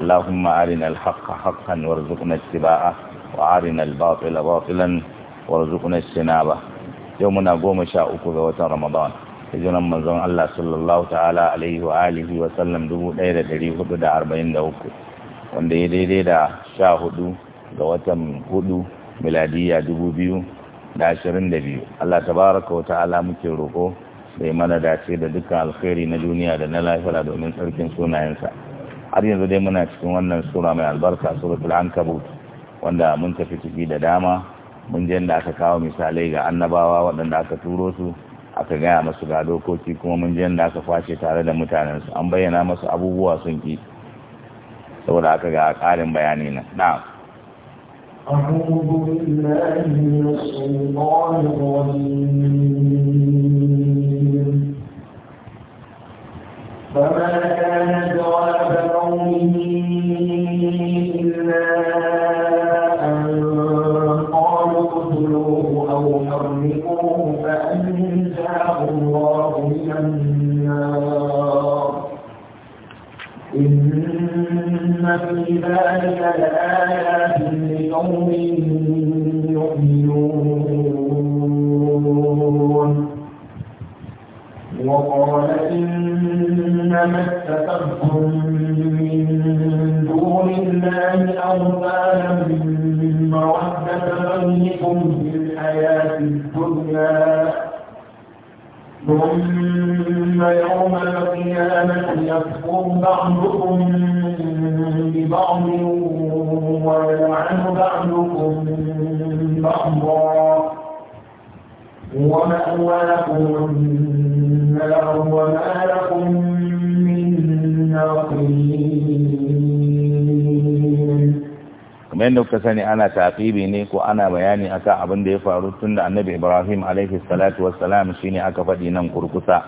اللهم أرنا الحق حقا وارزقنا اتباعه وأرنا الباطل باطلا وارزقنا اجتنابه يومنا قوم شاء أكوذ رمضان hijiran manzon Allah sallallahu ta'ala alaihi wa alihi wa sallam uku, wanda ya daidai da sha hudu ga watan hudu miladiya biyu. Allah tabaraka wa ta'ala muke roko da mana dace da dukkan alkhairi na duniya da na lafiya domin tsarkin sunayensa har yanzu dai muna cikin wannan sura mai albarka suratul ankabut wanda mun tafi ciki da dama mun je da aka kawo misalai ga annabawa waɗanda aka turo su aka gaya masu ga dokoki kuma mun je da aka face tare da mutanen su an bayyana masu abubuwa sun ki saboda aka ga ƙarin bayani na na'am أعوذ بالله من الشيطان الرجيم فما كان قومه إلا أن قالوا أو حرقوه الله من النار إن في ذلك لآيات لقوم اتخذتم من دون الله أوثانا مودة بينكم في الحياة الدنيا ثم يوم القيامة يكفر بعض kamar yadda kuka sani ana taqibi ne ko ana bayani akan abin da ya faru tun da annabi Ibrahim alaihi salatu wassalam shine aka faɗi nan kurkusa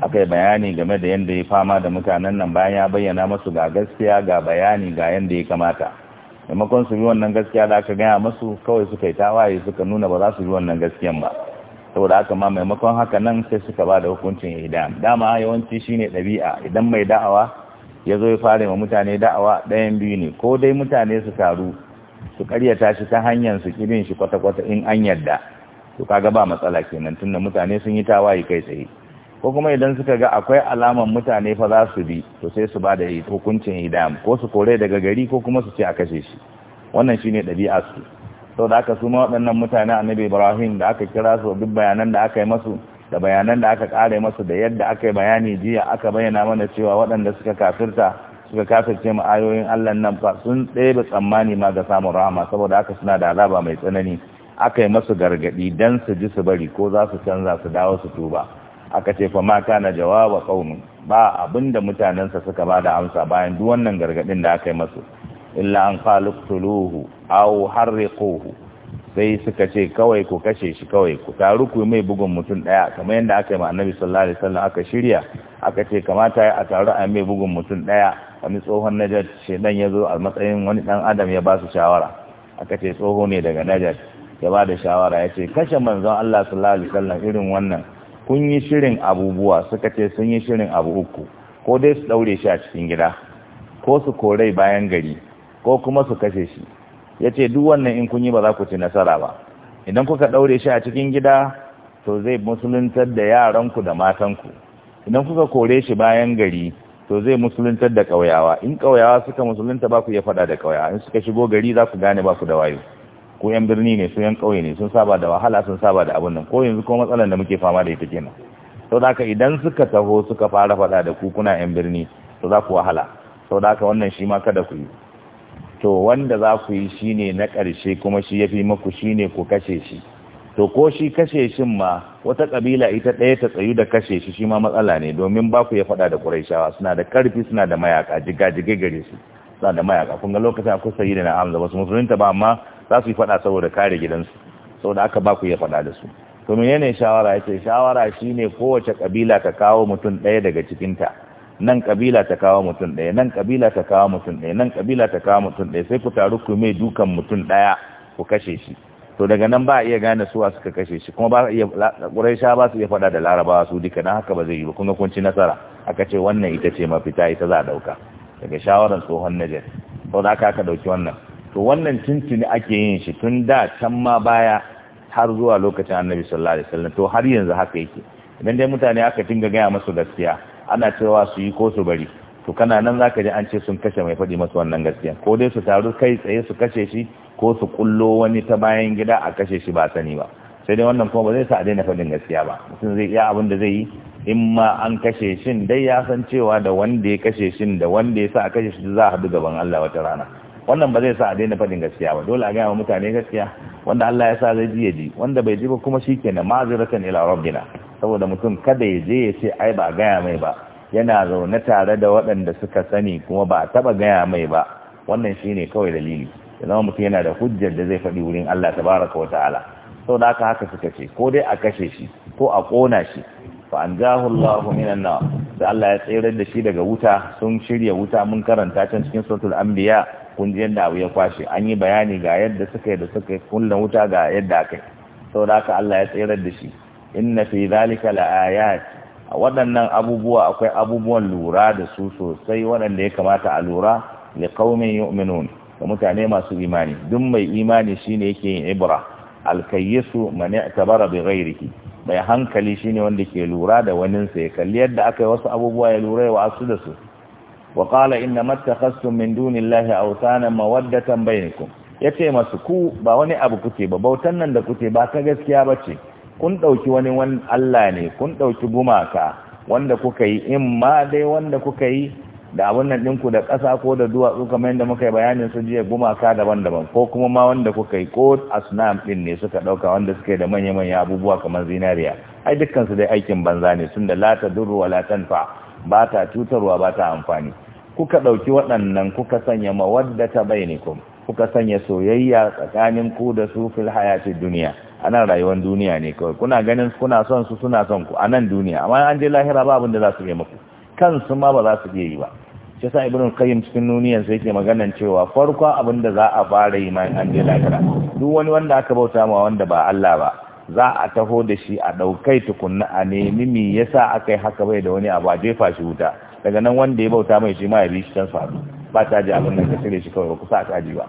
akai bayani game da yadda ya fama da mutanen nan bayan ya bayyana musu ga gaskiya ga bayani ga yadda ya kamata maimakon su bi wannan gaskiya da aka gaya musu kawai suka yi tawaye suka nuna ba za su bi wannan gaskiyan ba saboda haka ma maimakon haka nan sai suka ba da hukuncin idan dama yawanci shine ɗabi'a idan mai da'awa ya zo ya fara ma mutane da'awa ɗayan biyu ne ko dai mutane su taru su karyata shi ta hanyar su kirin shi kwata-kwata in an yadda to kaga ba matsala kenan tunda mutane sun yi tawaye kai tsaye ko kuma idan suka ga akwai alaman mutane fa za su bi to sai su ba da hukuncin idam ko su kore daga gari ko kuma su ce a kashe shi wannan shine ɗabi'a su sau da aka suma waɗannan mutane annabi ibrahim da aka kira su duk bayanan da aka yi masu da bayanan da aka ƙare masu da yadda aka yi bayani jiya aka bayyana mana cewa waɗanda suka kafirta suka kasance ma ayoyin Allah nan fa sun ɗebe tsammani ma ga samun rahama saboda aka suna da azaba mai tsanani aka yi masu gargadi dan su ji su bari ko za su canza su dawo su tuba aka ce fa ma kana jawaba qaumi ba abinda mutanensa suka ba da amsa bayan duk wannan gargadin da aka yi masu illa an qalu aw harriquhu sai suka ce kawai ku kashe shi kawai ku taru ku mai bugun mutum daya kamar yadda aka yi ma annabi sallallahu alaihi wasallam aka shirya aka ce kamata a taru a mai bugun mutum daya wani tsohon najat nan ya zo a matsayin wani dan adam ya ba su shawara aka ce tsoho ne daga najat ya ba da shawara ya ce kashe manzon Allah sallallahu alaihi wasallam irin wannan kun yi shirin abubuwa suka ce sun yi shirin abu uku ko dai su daure shi a cikin gida ko su korai bayan gari ko kuma su kashe shi ya ce duk wannan in kun yi ba za ku ci nasara ba idan kuka daure shi a cikin gida to zai musuluntar da yaranku da matanku idan kuka kore shi bayan gari to zai musuluntar da ƙauyawa in ƙauyawa suka musulunta ba ku iya faɗa da ƙauyawa in suka shigo gari za ku gane ba ku da wayo ko yan birni ne su yan ƙauye ne sun saba da wahala sun saba da abin nan ko yanzu ko matsalar da muke fama da ita kenan to da idan suka taho suka fara faɗa da ku kuna yan birni to za ku wahala to da wannan shi ma kada ku yi to wanda za ku yi shine na ƙarshe kuma shi ya fi maku shine ku kashe shi to ko shi kashe shi ma wata kabila ita ɗaya ta tsayu da kashe shi shi ma matsala ne domin ba ku ya faɗa da ƙuraishawa suna da ƙarfi suna da mayaka jigajige gare su suna da mayaka kun lokacin akwai sayi da na'am da wasu ta ba amma za su yi faɗa saboda kare gidansu da aka ba ku ya faɗa da su to menene shawara ce shawara shine kowace kabila ta kawo mutum ɗaya daga cikinta nan kabila ta kawo mutum ɗaya nan kabila ta kawo mutum ɗaya nan kabila ta kawo mutum ɗaya sai ku taru ku mai dukan mutum ɗaya ku kashe shi to daga nan ba iya gane suwa suka kashe shi kuma ba iya ƙuraisha ba su iya faɗa da larabawa su duka na haka ba zai yi ba kuma kun nasara aka ce wannan ita ce mafita ita za a ɗauka daga shawarar tsohon najar ba za ka aka ɗauki wannan to wannan tuntuni ake yin shi tun da can ma baya har zuwa lokacin annabi sallallahu alaihi wasallam to har yanzu haka yake idan dai mutane aka dinga gaya masu gaskiya ana cewa su yi ko su bari to kana nan zaka ji an ce sun kashe mai faɗi masa wannan gaskiya ko dai su taru kai tsaye su kashe shi ko su kullo wani ta bayan gida a kashe shi ba sani ba sai dai wannan kuma ba zai sa a daina faɗin gaskiya ba mutum zai iya abin da zai yi in ma an kashe shin dai ya san cewa da wanda ya kashe shi da wanda ya sa a kashe shi za a haɗu gaban Allah wata rana wannan ba zai sa a daina faɗin gaskiya ba dole a gaya wa mutane gaskiya wanda Allah ya sa zai ji ya ji wanda bai ji ba kuma shi kenan ma'azirakan ila rabbina saboda mutum kada ya je ya ce ai ba a gaya mai ba yana zaune tare da waɗanda suka sani kuma ba a taɓa gaya mai ba wannan shine kawai dalili da zama mutum yana da hujjar da zai faɗi wurin Allah tabaraka wa ta'ala sau da aka haka suka ce ko dai a kashe shi ko a ƙona shi fa an jahu Allahu minan nar da Allah ya tsirar da shi daga wuta sun shirya wuta mun karanta can cikin suratul anbiya kun ji yadda abu ya kwashe an yi bayani ga yadda suka yi da suka kullum wuta ga yadda aka yi sau da aka Allah ya tsirar da shi inna fi zalika la a waɗannan abubuwa akwai abubuwan lura da su sosai waɗanda ya kamata a lura da qaumin yu'minun ga mutane masu imani duk mai imani shine yake yin ibra alkayyisu man i'tabara bi ghairihi mai hankali shine wanda ke lura da waninsa ya kalli yadda aka wasu abubuwa ya lura wa wasu da su wa qala inna mattakhastum min dunillahi awtana mawaddatan bainakum yace masu ku ba wani abu kuke ba bautan nan da kuke ba ta gaskiya bace kun ɗauki wani wani Allah ne kun ɗauki gumaka wanda kuka yi in ma dai wanda kuka yi da abin nan ɗinku da ƙasa ko da duwatsu kamar yadda muka yi bayanin su jiya gumaka daban-daban ko kuma ma wanda kuka yi ko asnam ɗin ne suka ɗauka wanda suka da manya-manya abubuwa kamar zinariya ai dukkansu dai aikin banza ne tun da lata duru wa latan fa ba ta cutarwa ba ta amfani kuka ɗauki waɗannan kuka sanya mawadda ta bainikum kuka sanya soyayya tsakanin ku da su fil hayati duniya a nan rayuwar duniya ne kawai kuna ganin kuna son su suna son ku a nan duniya amma an je lahira ba abin da za su yi muku kansu ma ba za su iya yi ba shi sa ibn kayin cikin nuniyan sai ke maganan cewa farko abin da za a fara yi ma an je lahira duk wani wanda aka bauta ma wanda ba Allah ba za a taho da shi a daukai tukunna a nemi me yasa aka yi haka bai da wani abu a jefa shi wuta daga nan wanda ya bauta mai shi ma ya bi shi can ba ta ji abin da ka cire shi kawai ba ku sa ta ji ba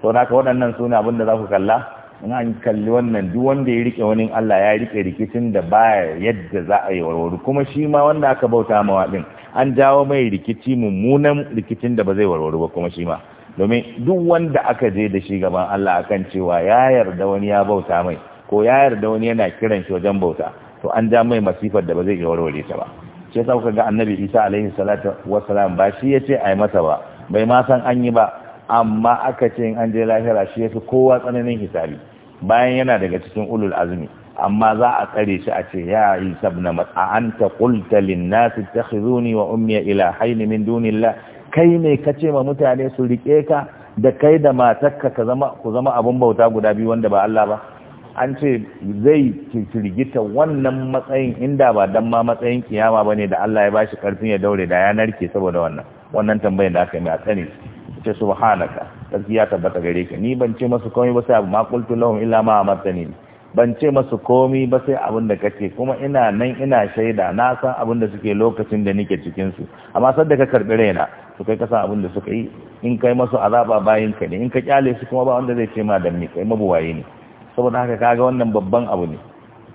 to naka waɗannan suna abin da za ku kalla in an kalli wannan duk wanda ya rike wani Allah ya rike rikicin da ba yadda za a yi warware kuma shi ma wanda aka bauta mawa din an jawo mai rikici mummunan rikicin da ba zai warware ba kuma shi ma domin duk wanda aka je da shi gaban Allah akan cewa ya yarda wani ya bauta mai ko ya yarda wani yana kiran shi wajen bauta to an ja mai masifar da ba zai iya warware ta ba sai sa kuka ga annabi Isa alaihi salatu wassalam ba shi yace ai masa ba bai ma san an yi ba amma aka ce in an je lahira shi yafi kowa tsananin hisabi bayan yana daga cikin ulul azumi, amma za a tsare shi a ce ya yi sabna matsa an ta kulta linnasi ta khizuni wa umiya ila haini min dunillah kai ne ka ce ma mutane su rike ka da kai da matarka ka ku zama abun bauta guda biyu wanda ba Allah ba an ce zai kirgita wannan matsayin inda ba dan ma matsayin kiyama ne da Allah ya bashi karfin ya daure da ya narke saboda wannan wannan tambayar da aka yi a tsare ce subhanaka sarki ya tabbata gare ka ni ban ce masu komai ba sai abu ma lahum illa ma amartani ban ce masu komai ba sai abin da kace kuma ina nan ina shaida na san abin da suke lokacin da nake cikin su amma da ka karbi raina to kai ka san abin da suka yi in kai masu azaba bayin ka ne in ka kyale su kuma ba wanda zai ce ma dan ni kai mabuwaye ne saboda haka kaga wannan babban abu ne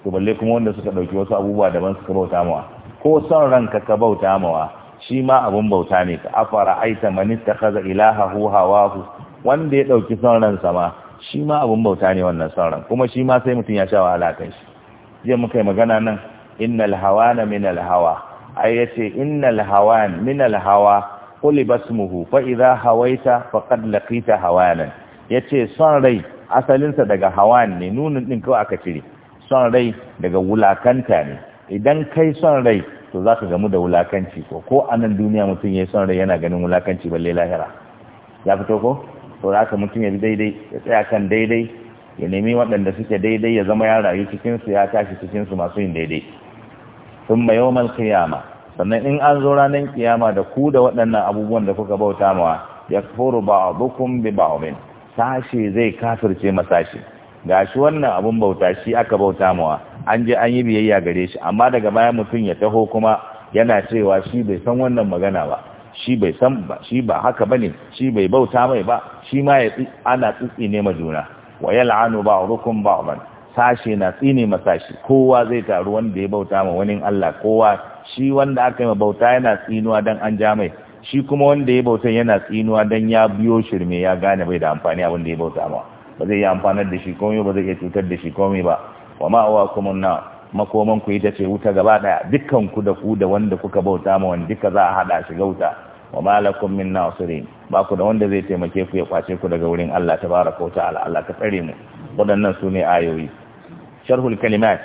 to balle kuma wanda suka dauki wasu abubuwa daban suka bauta mawa ko son ranka ka bauta mawa shi ma abun bauta ne ka afara aita man ittakhadha ilahahu hawahu wanda ya ɗauki son sama shi ma abin bauta ne wannan son kuma shi ma sai mutum ya sha wahala kan shi jiya muka yi magana nan innal hawa na minal hawa ai ce innal hawan minal hawa quliba ismuhu fa idha hawaita faqad laqita hawanan yace son rai asalinsa daga hawa ne nuna din kawai aka cire son rai daga wulakanta ne idan kai son rai to za ka gamu da wulakanci ko ko a nan duniya mutum ya yi son rai yana ganin wulakanci balle lahira ya fito ko to da ka mutum ya bi daidai ya tsaya kan daidai ya nemi waɗanda suke daidai ya zama ya rayu cikinsu ya tashi cikinsu masu yin daidai sun mai mal kiyama sannan in an zo ranar kiyama da ku da waɗannan abubuwan da kuka bauta mawa ya furu ba bukun bi ba sashe zai kafirce masashi ga shi wannan abun bauta shi aka bauta mawa an je an yi biyayya gare shi amma daga baya mutum ya taho kuma yana cewa shi bai san wannan magana ba shi bai san ba shi ba haka bane shi bai bauta mai ba shi ma ya ana tsitsine ma juna wa yal'anu ba'dukum ba'dan Sashi na tsine ma sashi kowa zai taru wanda ya bauta ma wani Allah kowa shi wanda aka yi ma bauta yana tsinuwa dan an ja mai shi kuma wanda ya bauta yana tsinuwa dan ya biyo shirme ya gane bai da amfani abin da ya bauta ma ba zai yi amfanar da shi komai ba zai iya cutar da shi komai ba wa wa kuma na makoman ku ita ce wuta gaba daya dukkan ku da ku da wanda kuka bauta ma wanda duka za a hada shi gauta? wa malakum min nasirin ba ku da wanda zai taimake ku ya kwace ku daga wurin Allah tabaraka wa ta'ala Allah ka tsare mu waɗannan su ne ayoyi sharhul kalimat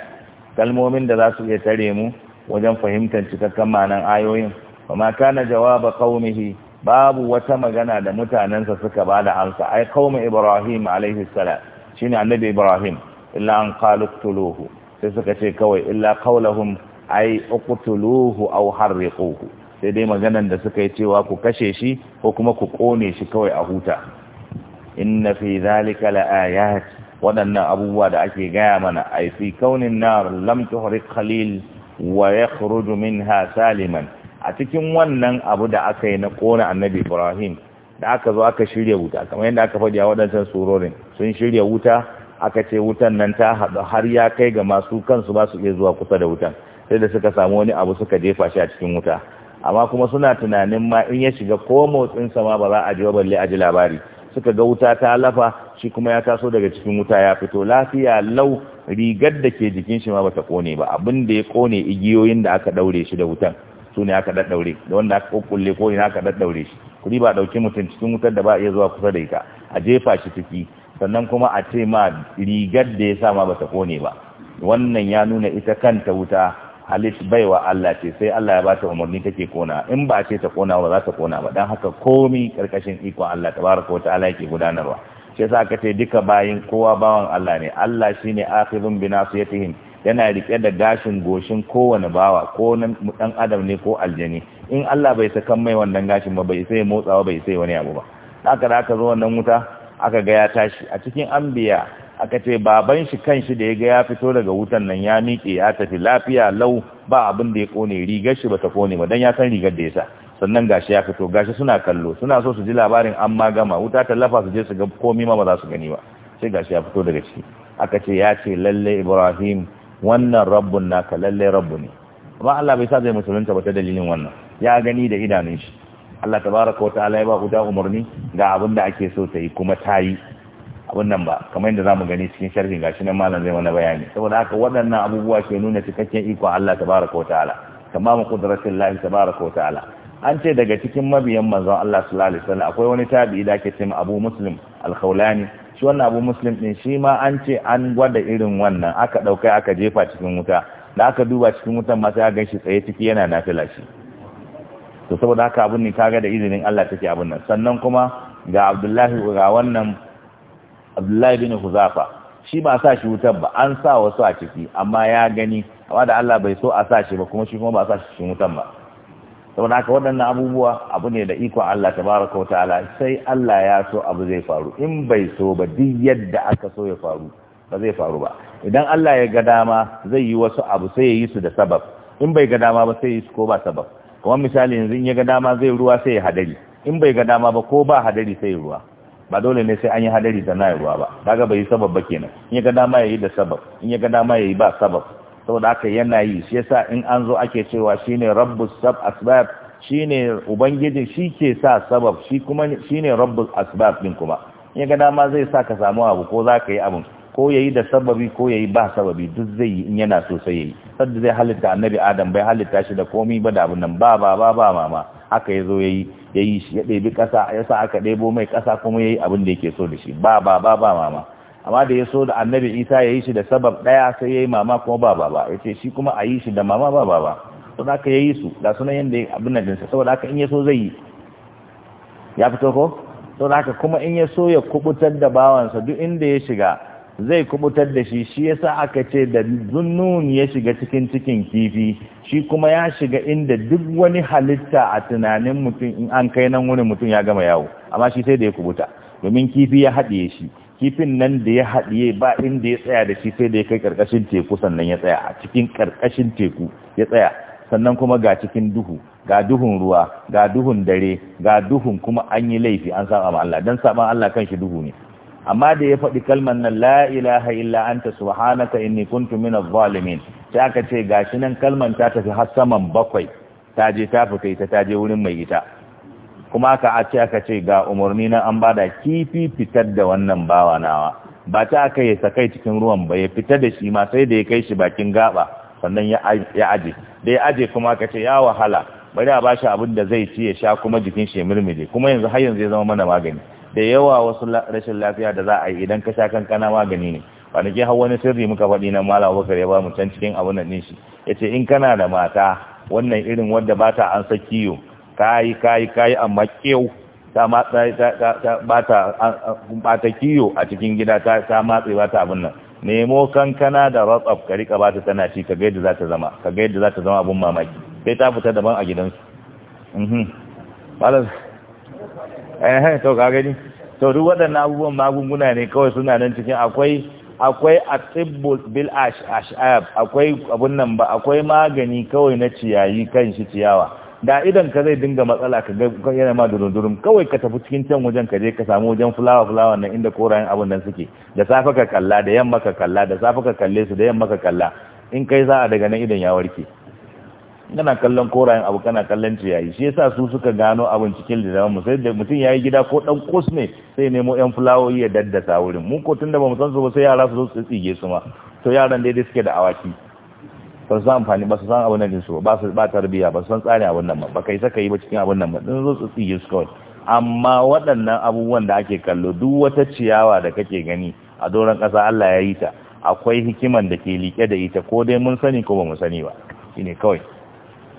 kalmomin da za su iya tare mu wajen fahimtar cikakken ma'anan ayoyin wa ma kana jawaba qaumihi babu wata magana da mutanansa suka ba da amsa ai qaumi ibrahim alaihi salam shine annabi ibrahim illa an qalu sai suka ce kawai illa qaulahum ai uqtuluhu aw harriquhu sai dai maganan da suka yi cewa ku kashe shi ko kuma ku kone shi kawai a huta inna fi zalika laayat wadannan abubuwa da ake gaya mana ai fi kaunin nar lam tuhrik khalil wa yakhruju minha saliman a cikin wannan abu da aka yi na kona annabi Ibrahim da aka zo aka shirya wuta kamar yadda aka faɗi a waɗancan surorin sun shirya wuta aka ce wutan nan ta haɗu har ya kai ga masu kansu ba su iya zuwa kusa da wutan sai da suka samu wani abu suka jefa shi a cikin wuta amma kuma suna tunanin ma in ya shiga ko motsin sama ba za a ji balle a ji labari suka ga wuta ta lafa shi kuma ya taso daga cikin wuta ya fito lafiya lau rigar da ke jikin shi ma bata kone ba abin da ya kone igiyoyin da aka daure shi da wutan su ne aka daddaure da wanda aka kulle ko ina aka daddaure shi kudi ba dauki mutum cikin wutar da ba iya zuwa kusa da ita a jefa shi ciki sannan kuma a ce ma rigar da ya sa ma bata kone ba wannan ya nuna ita kanta wuta Halis baiwa Allah ce sai Allah ya ba ta umarni take kona in ba ce ta kona ba za ta kona ba dan haka komi karkashin iko Allah tabaraka wataala yake gudanarwa sai sa ka ce duka bayin kowa bawan Allah ne Allah shine akhirun bi nasiyatihim yana rike da gashin goshin kowane bawa ko dan adam ne ko aljani in Allah bai saka mai wannan gashin ba bai sai motsawa bai sai wani abu ba haka da aka zo wannan wuta aka ga ya tashi a cikin anbiya aka ce baban shi kanshi da ya ga ya fito daga wutan nan ya miƙe ya tafi lafiya lau ba abin da ya kone rigar shi ta kone ba dan ya san rigar da ya sa sannan gashi ya fito gashi suna kallo suna so su ji labarin an ma gama wuta ta lafa su je su ga komi ma ba za su gani ba sai gashi ya fito daga ciki aka ce ya ce lalle Ibrahim wannan rabbun naka lalle rabbu ne amma Allah bai sa zai musulunta ba ta dalilin wannan ya gani da idanun shi Allah tabaraka wa ta'ala ya ba umarni ga abin da ake so ta yi kuma ta yi abin nan ba kamar yadda zamu gani cikin sharhin gashi nan malam zai mana bayani saboda haka waɗannan abubuwa ke nuna cikakken iko Allah tabaraka wa ta'ala mu qudratin Allah tabaraka wa ta'ala an ce daga cikin mabiyan manzon Allah sallallahu alaihi wasallam akwai wani tabi'i da ake ce Abu Muslim al-Khawlani shi wannan Abu Muslim din shi ma an ce an gwada irin wannan aka dauka aka jefa cikin wuta da aka duba cikin wutan ma sai ga shi tsaye ciki yana nafila shi to saboda haka abun ne kaga da izinin Allah take abun nan sannan kuma ga Abdullahi ga wannan abdullahi bin huzafa shi ba sa shi wutan ba an sa wasu a ciki amma ya gani amma da Allah bai so a sa shi ba kuma shi kuma ba sa shi wutan ba saboda haka waɗannan abubuwa abu ne da ikon Allah tabaraka wa ta'ala sai Allah ya so abu zai faru in bai so ba duk yadda aka so ya faru ba zai faru ba idan Allah ya ga dama zai yi wasu abu sai ya yi su da sabab in bai ga dama ba sai ya yi su ko ba sabab kamar misali yanzu in ya ga dama zai ruwa sai ya hadari in bai ga dama ba ko ba hadari sai ruwa ba dole ne sai an yi hadari da na ba daga bai yi sabab ba kenan in ya ga dama ya yi da sabab in ya ga dama ya yi ba sabab saboda haka yana yi shi yasa in an zo ake cewa shine rabbus sab asbab shine ubangijin shi ke sa sabab shi kuma shine rabbul asbab din kuma in ya ga dama zai sa ka samu abu ko za ka yi abun ko yayi da sababi ko yayi ba sababi duk zai yi in yana so sai yayi sadda zai halitta annabi adam bai halitta shi da komi ba da abin nan ba ba ba ba mama haka ya zo ya yi ya yi shi ya ɗebi ƙasa ya sa aka ɗebo mai ƙasa kuma ya yi abin da yake so da shi ba ba ba ba mama amma da ya so da annabi isa ya yi shi da sabab ɗaya sai ya yi mama kuma ba ba ba ya ce shi kuma a yi shi da mama ba ba ba to da ya yi su da sunan yadda ya abin nan dinsa saboda haka in ya so zai yi ya fito ko to da haka kuma in ya so ya kubutar da bawansa duk inda ya shiga zai kubutar da shi shi yasa aka ce da zunnun ya shiga cikin cikin kifi shi kuma ya shiga inda duk wani halitta a tunanin mutum in an kai nan wani mutum ya gama yawo amma shi sai da ya kubuta domin kifi ya haɗiye shi kifin nan da ya haɗiye ba inda ya tsaya da shi sai da ya kai ƙarƙashin teku sannan ya tsaya a cikin ƙarƙashin teku ya tsaya sannan kuma ga cikin duhu ga duhun ruwa ga duhun dare ga duhun kuma an yi laifi an saba ma Allah dan saban Allah kan shi duhu ne amma da ya faɗi kalmar nan la ilaha illa anta subhanaka inni kuntu minaz zalimin sai aka ce gashi nan kalmar ta tafi har saman bakwai ta je ta fita ita ta je wurin mai ita kuma aka a ce aka ce ga umarni na an bada kifi fitar da wannan bawa nawa ba ta aka ya sakai cikin ruwan ba ya fita da shi ma sai da ya kai shi bakin gaba sannan ya aje da ya aje kuma aka ce ya wahala bari a bashi abin da zai ci ya sha kuma jikin shi ya murmure kuma yanzu har yanzu ya zama mana magani da yawa wasu rashin lafiya da za a yi idan ka sha kankana magani ne kwanaki hau wani sirri muka faɗi nan malam abubakar ya ba mu can cikin abin nan shi ya ce in kana da mata wannan irin wadda ba ta an ka yi ka yi amma kyau ta ta kiyo a cikin gida ta matse ba ta abin nan nemo kankana da ratsaf ka rika ba ta tana ci ka ga za ta zama ka ga za ta zama abin mamaki sai ta fita daban a gidansu mhm. eh to ga gani to duk waɗannan abubuwan magunguna ne kawai suna nan cikin akwai akwai atibbu bil ash ash ab eh, akwai abun nan ba akwai magani kawai na ciyayi kan shi ciyawa da idan ka zai dinga matsala ka ga yana ma durundurum kawai ka tafi cikin can wajen ka je ka samu wajen fulawa fulawa nan inda korayen abun nan suke da safe ka kalla da yamma ka kalla da safe ka kalle su da yamma ka kalla in kai za a daga nan idan ya warke kana kallon korayen abu kana kallon ciyayi shi yasa su suka gano abin cikin lizamin mu sai da mutum yayi gida ko dan kos ne sai nemo yan fulawoyi ya daddasa wurin mu ko tunda bamu san su ba sai yara su zo su tsige su ma to yaran dai dai suke da awaki ba su san amfani ba su san abin nan su ba su ba tarbiya ba su san tsari abin nan ba ba kai saka yi ba cikin abin nan ba dan zo su tsige su kawai amma waɗannan abubuwan da ake kallo duk wata ciyawa da kake gani a doron ƙasa Allah ya yi ta akwai hikiman da ke liƙe da ita ko dai mun sani ko ba mu sani ba shine kawai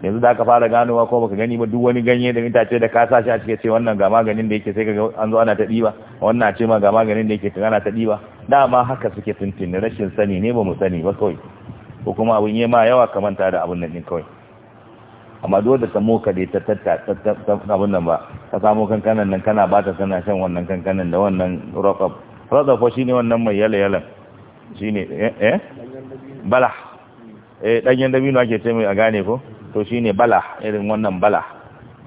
yanzu da ka fara ganowa ko baka gani ba duk wani ganye da itace da ka sa shi a cikin ce wannan ga maganin da yake sai ka an zo ana ta diba wannan ce ma ga maganin da yake kaga ana ta diba dama haka suke tuntuni rashin sani ne ba mu sani ba kawai ko kuma abun yema yawa kamanta da abun nan din kawai amma dole ta ka da ta tatta abun nan ba ka samu kankanan nan kana ba ta kana shan wannan kankanan da wannan rakab rakab ko shine wannan mai yala yala shine eh eh bala eh danyen dabino ake ce mai a gane ko to ne bala irin wannan bala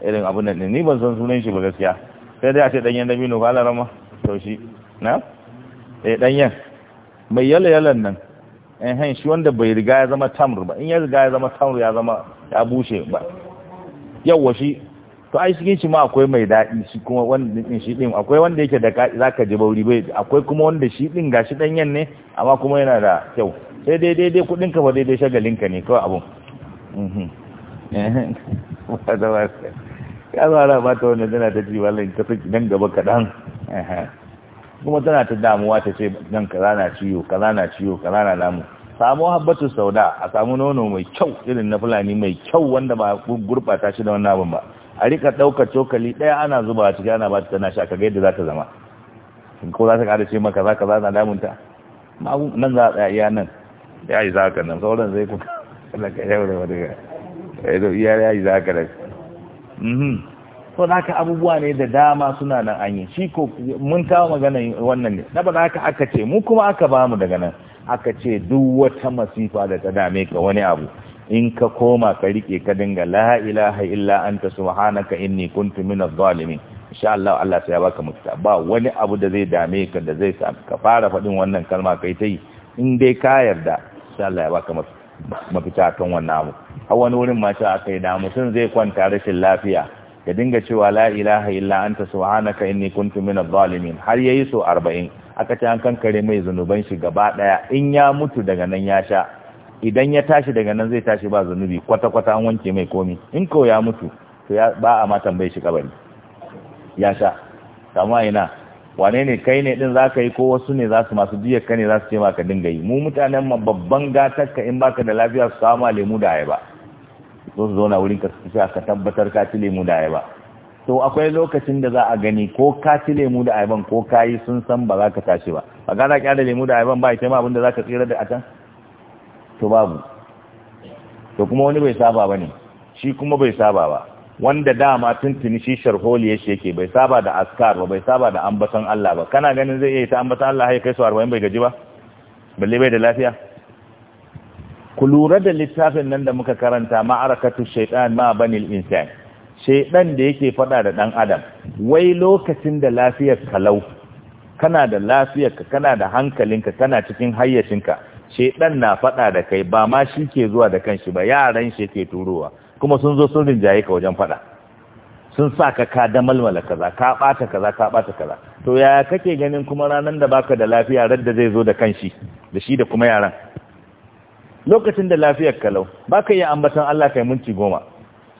irin abu nan ni ban san sunan shi ba gaskiya sai dai a ce danyen dabino ko alarama to shi na eh danyen mai yalla yallan nan eh hain shi wanda bai riga ya zama tamr ba in ya riga ya zama tamr ya zama ya bushe ba yawa shi to ai cikin shi ma akwai mai daɗi shi kuma wanda din shi din akwai wanda yake da zaka ji bauri bai akwai kuma wanda shi din gashi danyen ne amma kuma yana da kyau sai dai dai kudin ka ba shagalin shagalinka ne kawai abun mhm Eh, eh. ya zo ana ba ta wannan tana ta ji wallahi ta fi nan gaba kaɗan eh, kuma tana ta damuwa ta ce nan kaza na ciwo kaza na ciwo kaza na namu samu habbatu sauda a samu nono mai kyau irin na fulani mai kyau wanda ba gurbata shi da wannan abin ba a rika ɗaukar cokali ɗaya ana zuba a ciki ana ba ta tana sha yadda za ta zama ko za ta ƙara ce maka za ka za na damunta nan za a tsaya iya nan ya yi za ka nan sauran zai kuka ya za ka so da haka abubuwa ne da dama suna nan an yi shi ko mun kawo magana wannan ne na aka ce mu kuma aka ba mu daga nan aka ce duk wata masifa da ta dame ka wani abu in ka koma ka rike ka dinga la ilaha illa anta subhanaka inni kuntu minaz zalimin insha Allah Allah sai ya baka mutsa ba wani abu da zai dame ka da zai ka fara faɗin wannan kalma kai ta yi in dai ka yarda insha Allah ya baka mutsa mafita kan wannan abu har wani wurin ma sai aka yi da mutum zai kwanta rashin lafiya ya dinga cewa la ilaha illa anta subhanaka inni kuntu minadh zalimin har yayi so 40 aka ce an kankare mai zanuban shi gaba daya in ya mutu daga nan ya sha idan ya tashi daga nan zai tashi ba zanubi kwata kwata an wanke mai komi in ko ya mutu to ba a ma tambaye shi kabari ya sha kama ina wane ne kai ne din zaka yi ko wasu ne za su masu biyar ka ne za su ce maka dinga yi mu mutanen ma babban gatar ka in baka da lafiya su kama lemu da ayaba so su zauna wurin ka su ka tabbatar ka ci lemu da ayaba to akwai lokacin da za a gani ko ka ci lemu da ayaban ko ka yi sun san ba za ka tashi ba a gana kyara lemu da ayaban ba ita ma da za ka tsira da atan to babu to kuma wani bai saba ba ne shi kuma bai saba ba wanda dama tuntuni shi sharholi ya yake bai saba da askar ba bai saba da ambaton Allah ba kana ganin zai iya ta ambaton Allah ya kai su 40 bai gaji ba balle bai da lafiya ku lura da littafin nan da muka karanta ma'arakatu shaitan ma banil insan shaitan da yake fada da dan adam wai lokacin da lafiyar ka lau, kana da lafiyar ka, kana da hankalinka kana cikin hayyacinka shaitan na fada da kai ba ma shi ke zuwa da kanshi ba yaran shi ke turowa kuma sun zo sun rinjaye ka wajen faɗa sun sa ka ka da malmala kaza ka ɓata kaza ka ɓata kaza to yaya kake ganin kuma ranar da baka da lafiya radda zai zo da kanshi da shi da kuma yaran lokacin da lafiyar kalau baka yi ambaton Allah kai minti goma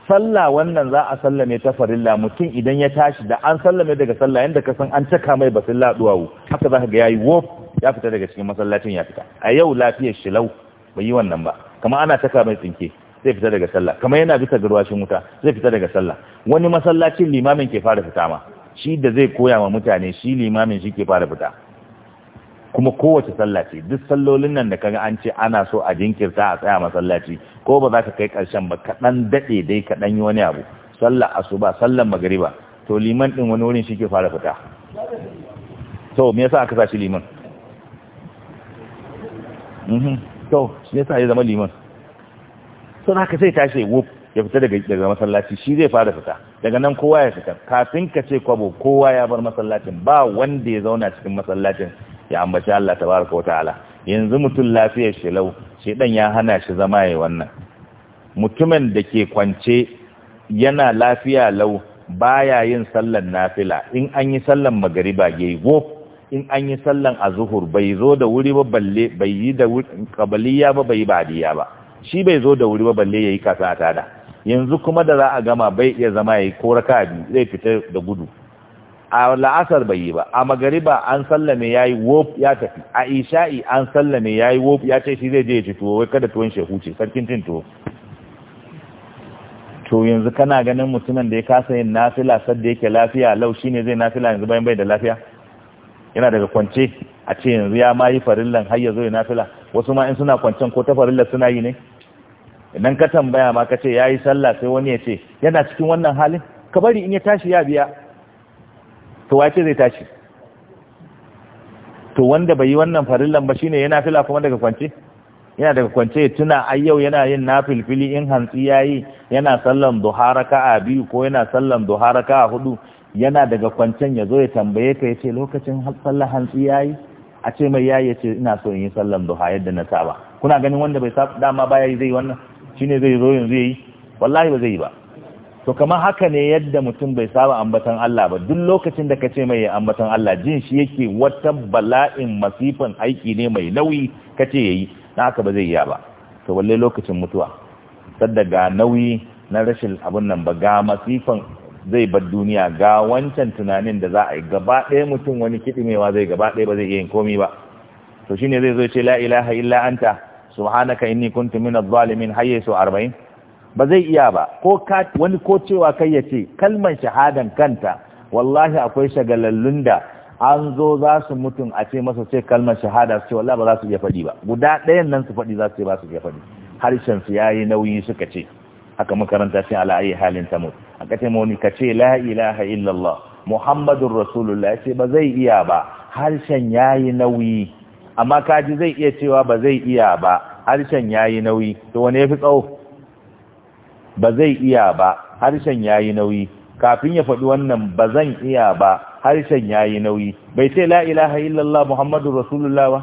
sallah wannan za a sallame ta farilla mutum idan ya tashi da an sallame daga salla yanda ka san an caka mai basilla duwawu haka ka ga yayi wof ya fita daga cikin masallacin ya fita a yau lafiyar shilau bai yi wannan ba kamar ana caka mai tsinke zai fita daga sallah kamar yana bisa ga ruwashin wuta zai fita daga sallah wani masallacin limamin ke fara fita ma shi da zai koya ma mutane shi limamin shi ke fara fita kuma kowace sallaci duk sallolin nan da kaga an ce ana so a jinkirta a tsaya masallaci ko ba za ka kai karshen ba kaɗan daɗe dai kaɗan yi wani abu sallah asuba sallan magariba to liman ɗin wani wurin shi ke fara fita to me yasa aka sa shi liman mhm. to me yasa ya zama liman sun haka sai tashi ya wuf ya fita daga daga masallaci shi zai fara fita daga nan kowa ya fita kafin ka ce kwabo kowa ya bar masallacin ba wanda ya zauna cikin masallacin ya ambaci Allah ta tabaraka ala yanzu mutum lafiyar shi lau ya hana shi zama yi wannan mutumin da ke kwance yana lafiya lau baya yin sallan nafila in an yi sallan magariba yi wuf in an yi sallan azuhur bai zo da wuri ba balle bai yi da kabaliya ba bai badiya ba shi bai zo da wuri ba balle yayi kasa a tada yanzu kuma da za a gama bai iya zama yayi ko raka biyu zai fita da gudu a la'asar bai yi ba a magariba an sallame yayi wop ya tafi a isha'i an sallame yayi wop ya ce shi zai je ya ci tuwo wai kada tuwon shehu ce sarkin cin tuwo to yanzu kana ganin mutumin da ya kasa yin nafila sadda yake lafiya lau ne zai nafila yanzu bayan bai da lafiya yana daga kwance a ce yanzu ya ma yi farillan har ya zo ya nafila wasu ma in suna kwancen ko ta farillar suna yi ne idan ka tambaya ma ka ce ya yi sallah sai wani ya ce yana cikin wannan halin ka bari in ya tashi ya biya to wace zai tashi to wanda bai yi wannan farillan ba shine yana fila kuma daga kwance yana daga kwance tuna ai yau yana yin nafilfili in hantsi yi yana sallan duha a biyu ko yana sallan duha a hudu yana daga kwancen ya zo ya tambaye ka ya ce lokacin sallar hantsi yi? a ce mai yi ya ce ina so in yi sallan duha yadda na saba kuna ganin wanda bai dama ya yi zai wannan shine zai zo yanzu yi? wallahi ba zai yi ba to kamar haka ne yadda mutum bai saba ambatan Allah ba duk lokacin da ka ce mai ambatan Allah jin shi yake wata bala'in masifan aiki ne mai nauyi ka ce ya yi, na haka ba zai yi ba to walle lokacin mutuwa sadda ga nauyi na rashin abun nan ba ga masifan zai bar duniya ga wancan tunanin da za a yi gaba ɗaya mutum wani kiɗimewa zai gaba ɗaya ba zai iya yin komi ba to shine zai zo ce la ilaha illa anta subhanaka inni kuntu minadh zalimin hayye arba'in 40 ba zai iya ba ko ka wani ko cewa kai ya ce kalmar shahadan kanta wallahi akwai shagalallun da an zo za su mutum a ce masa ce kalmar shahada su ce wallahi ba za su iya faɗi ba guda ɗayan nan su fadi za su ce ba su iya fadi harshen su yayi nauyi suka ce haka makaranta shi ala ayi halin tamut aka ce mawani ka ce la ilaha illallah muhammadun rasulullah ya ce ba zai iya ba harshen yayi nauyi amma kaji zai iya cewa ba zai iya ba harshen yayi nauyi to wani yafi tsawo ba zai iya ba harshen yayi nauyi kafin ya faɗi wannan ba zan iya ba harshen yayi nauyi bai ce la ilaha illallah muhammadur rasulullah ba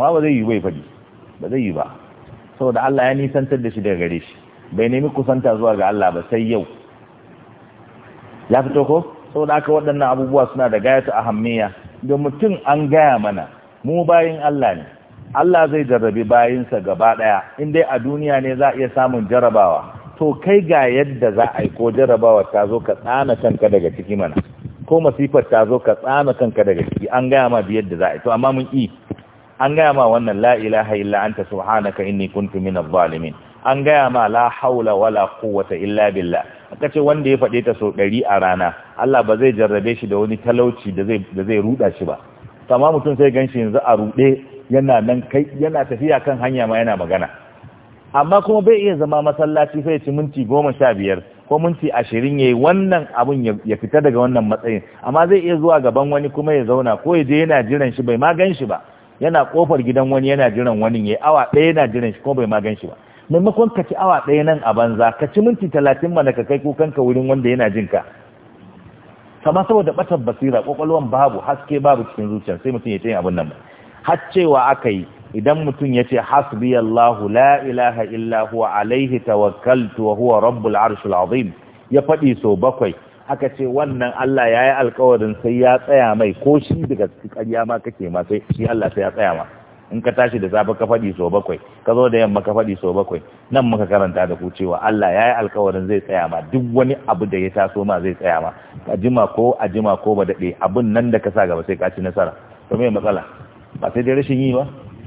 amma ba zai yi bai faɗi ba zai yi ba saboda Allah ya nisantar da shi daga gare shi bai nemi kusanta zuwa ga Allah ba sai yau ya fito ko saboda aka waɗannan abubuwa suna da gayatu ahammiya da mutum an gaya mana mu bayin Allah ne Allah zai jarrabi bayinsa gaba ɗaya in dai a duniya ne za a iya samun jarrabawa to kai ga yadda za a yi ko jarrabawa ta zo ka tsana kanka daga ciki mana ko masifar ta zo ka tsana kanka daga ciki an gaya ma biyar da za a yi to amma mun yi an gaya ma wannan la ilaha illa anta subhanaka inni kuntu minadh zalimin an gaya ma la haula wala quwwata illa billah aka ce wanda ya faɗe ta sau ɗari a rana Allah ba zai jarrabe shi da wani talauci da zai da zai ruda shi ba kama mutum sai gan shi yanzu a ruɗe yana nan kai yana tafiya kan hanya ma yana magana amma kuma bai iya zama masallaci sai ci minti goma sha biyar ko minti ashirin ya yi wannan abun ya fita daga wannan matsayin amma zai iya zuwa gaban wani kuma ya zauna ko ya je yana jiran shi bai ma gan shi ba yana kofar gidan wani yana jiran wani ya yi awa ɗaya yana jiran shi ko bai ma gan shi ba maimakon ka ci awa ɗaya nan a banza ka ci minti talatin mana ka kai kukanka wurin wanda yana jin ka kamar saboda batar basira kwakwalwan babu haske babu cikin zuciya sai mutum ya ce abin nan har cewa aka yi idan mutum ya ce hasbi Allahu la ilaha illa huwa alaihi tawakkaltu wa huwa rabbul arshil azim ya faɗi so bakwai aka ce wannan Allah ya yi alkawarin sai ya tsaya mai ko shi daga ƙarya ma kake ma sai shi Allah sai ya tsaya ma in ka tashi da safe ka faɗi so bakwai ka zo da yamma ka faɗi so bakwai nan muka karanta da ku cewa Allah ya yi alkawarin zai tsaya ma duk wani abu da ya taso ma zai tsaya ma a jima ko a jima ko ba daɗe abin nan da ka sa gaba sai ka ci nasara to me matsala ba sai dai rashin yi ba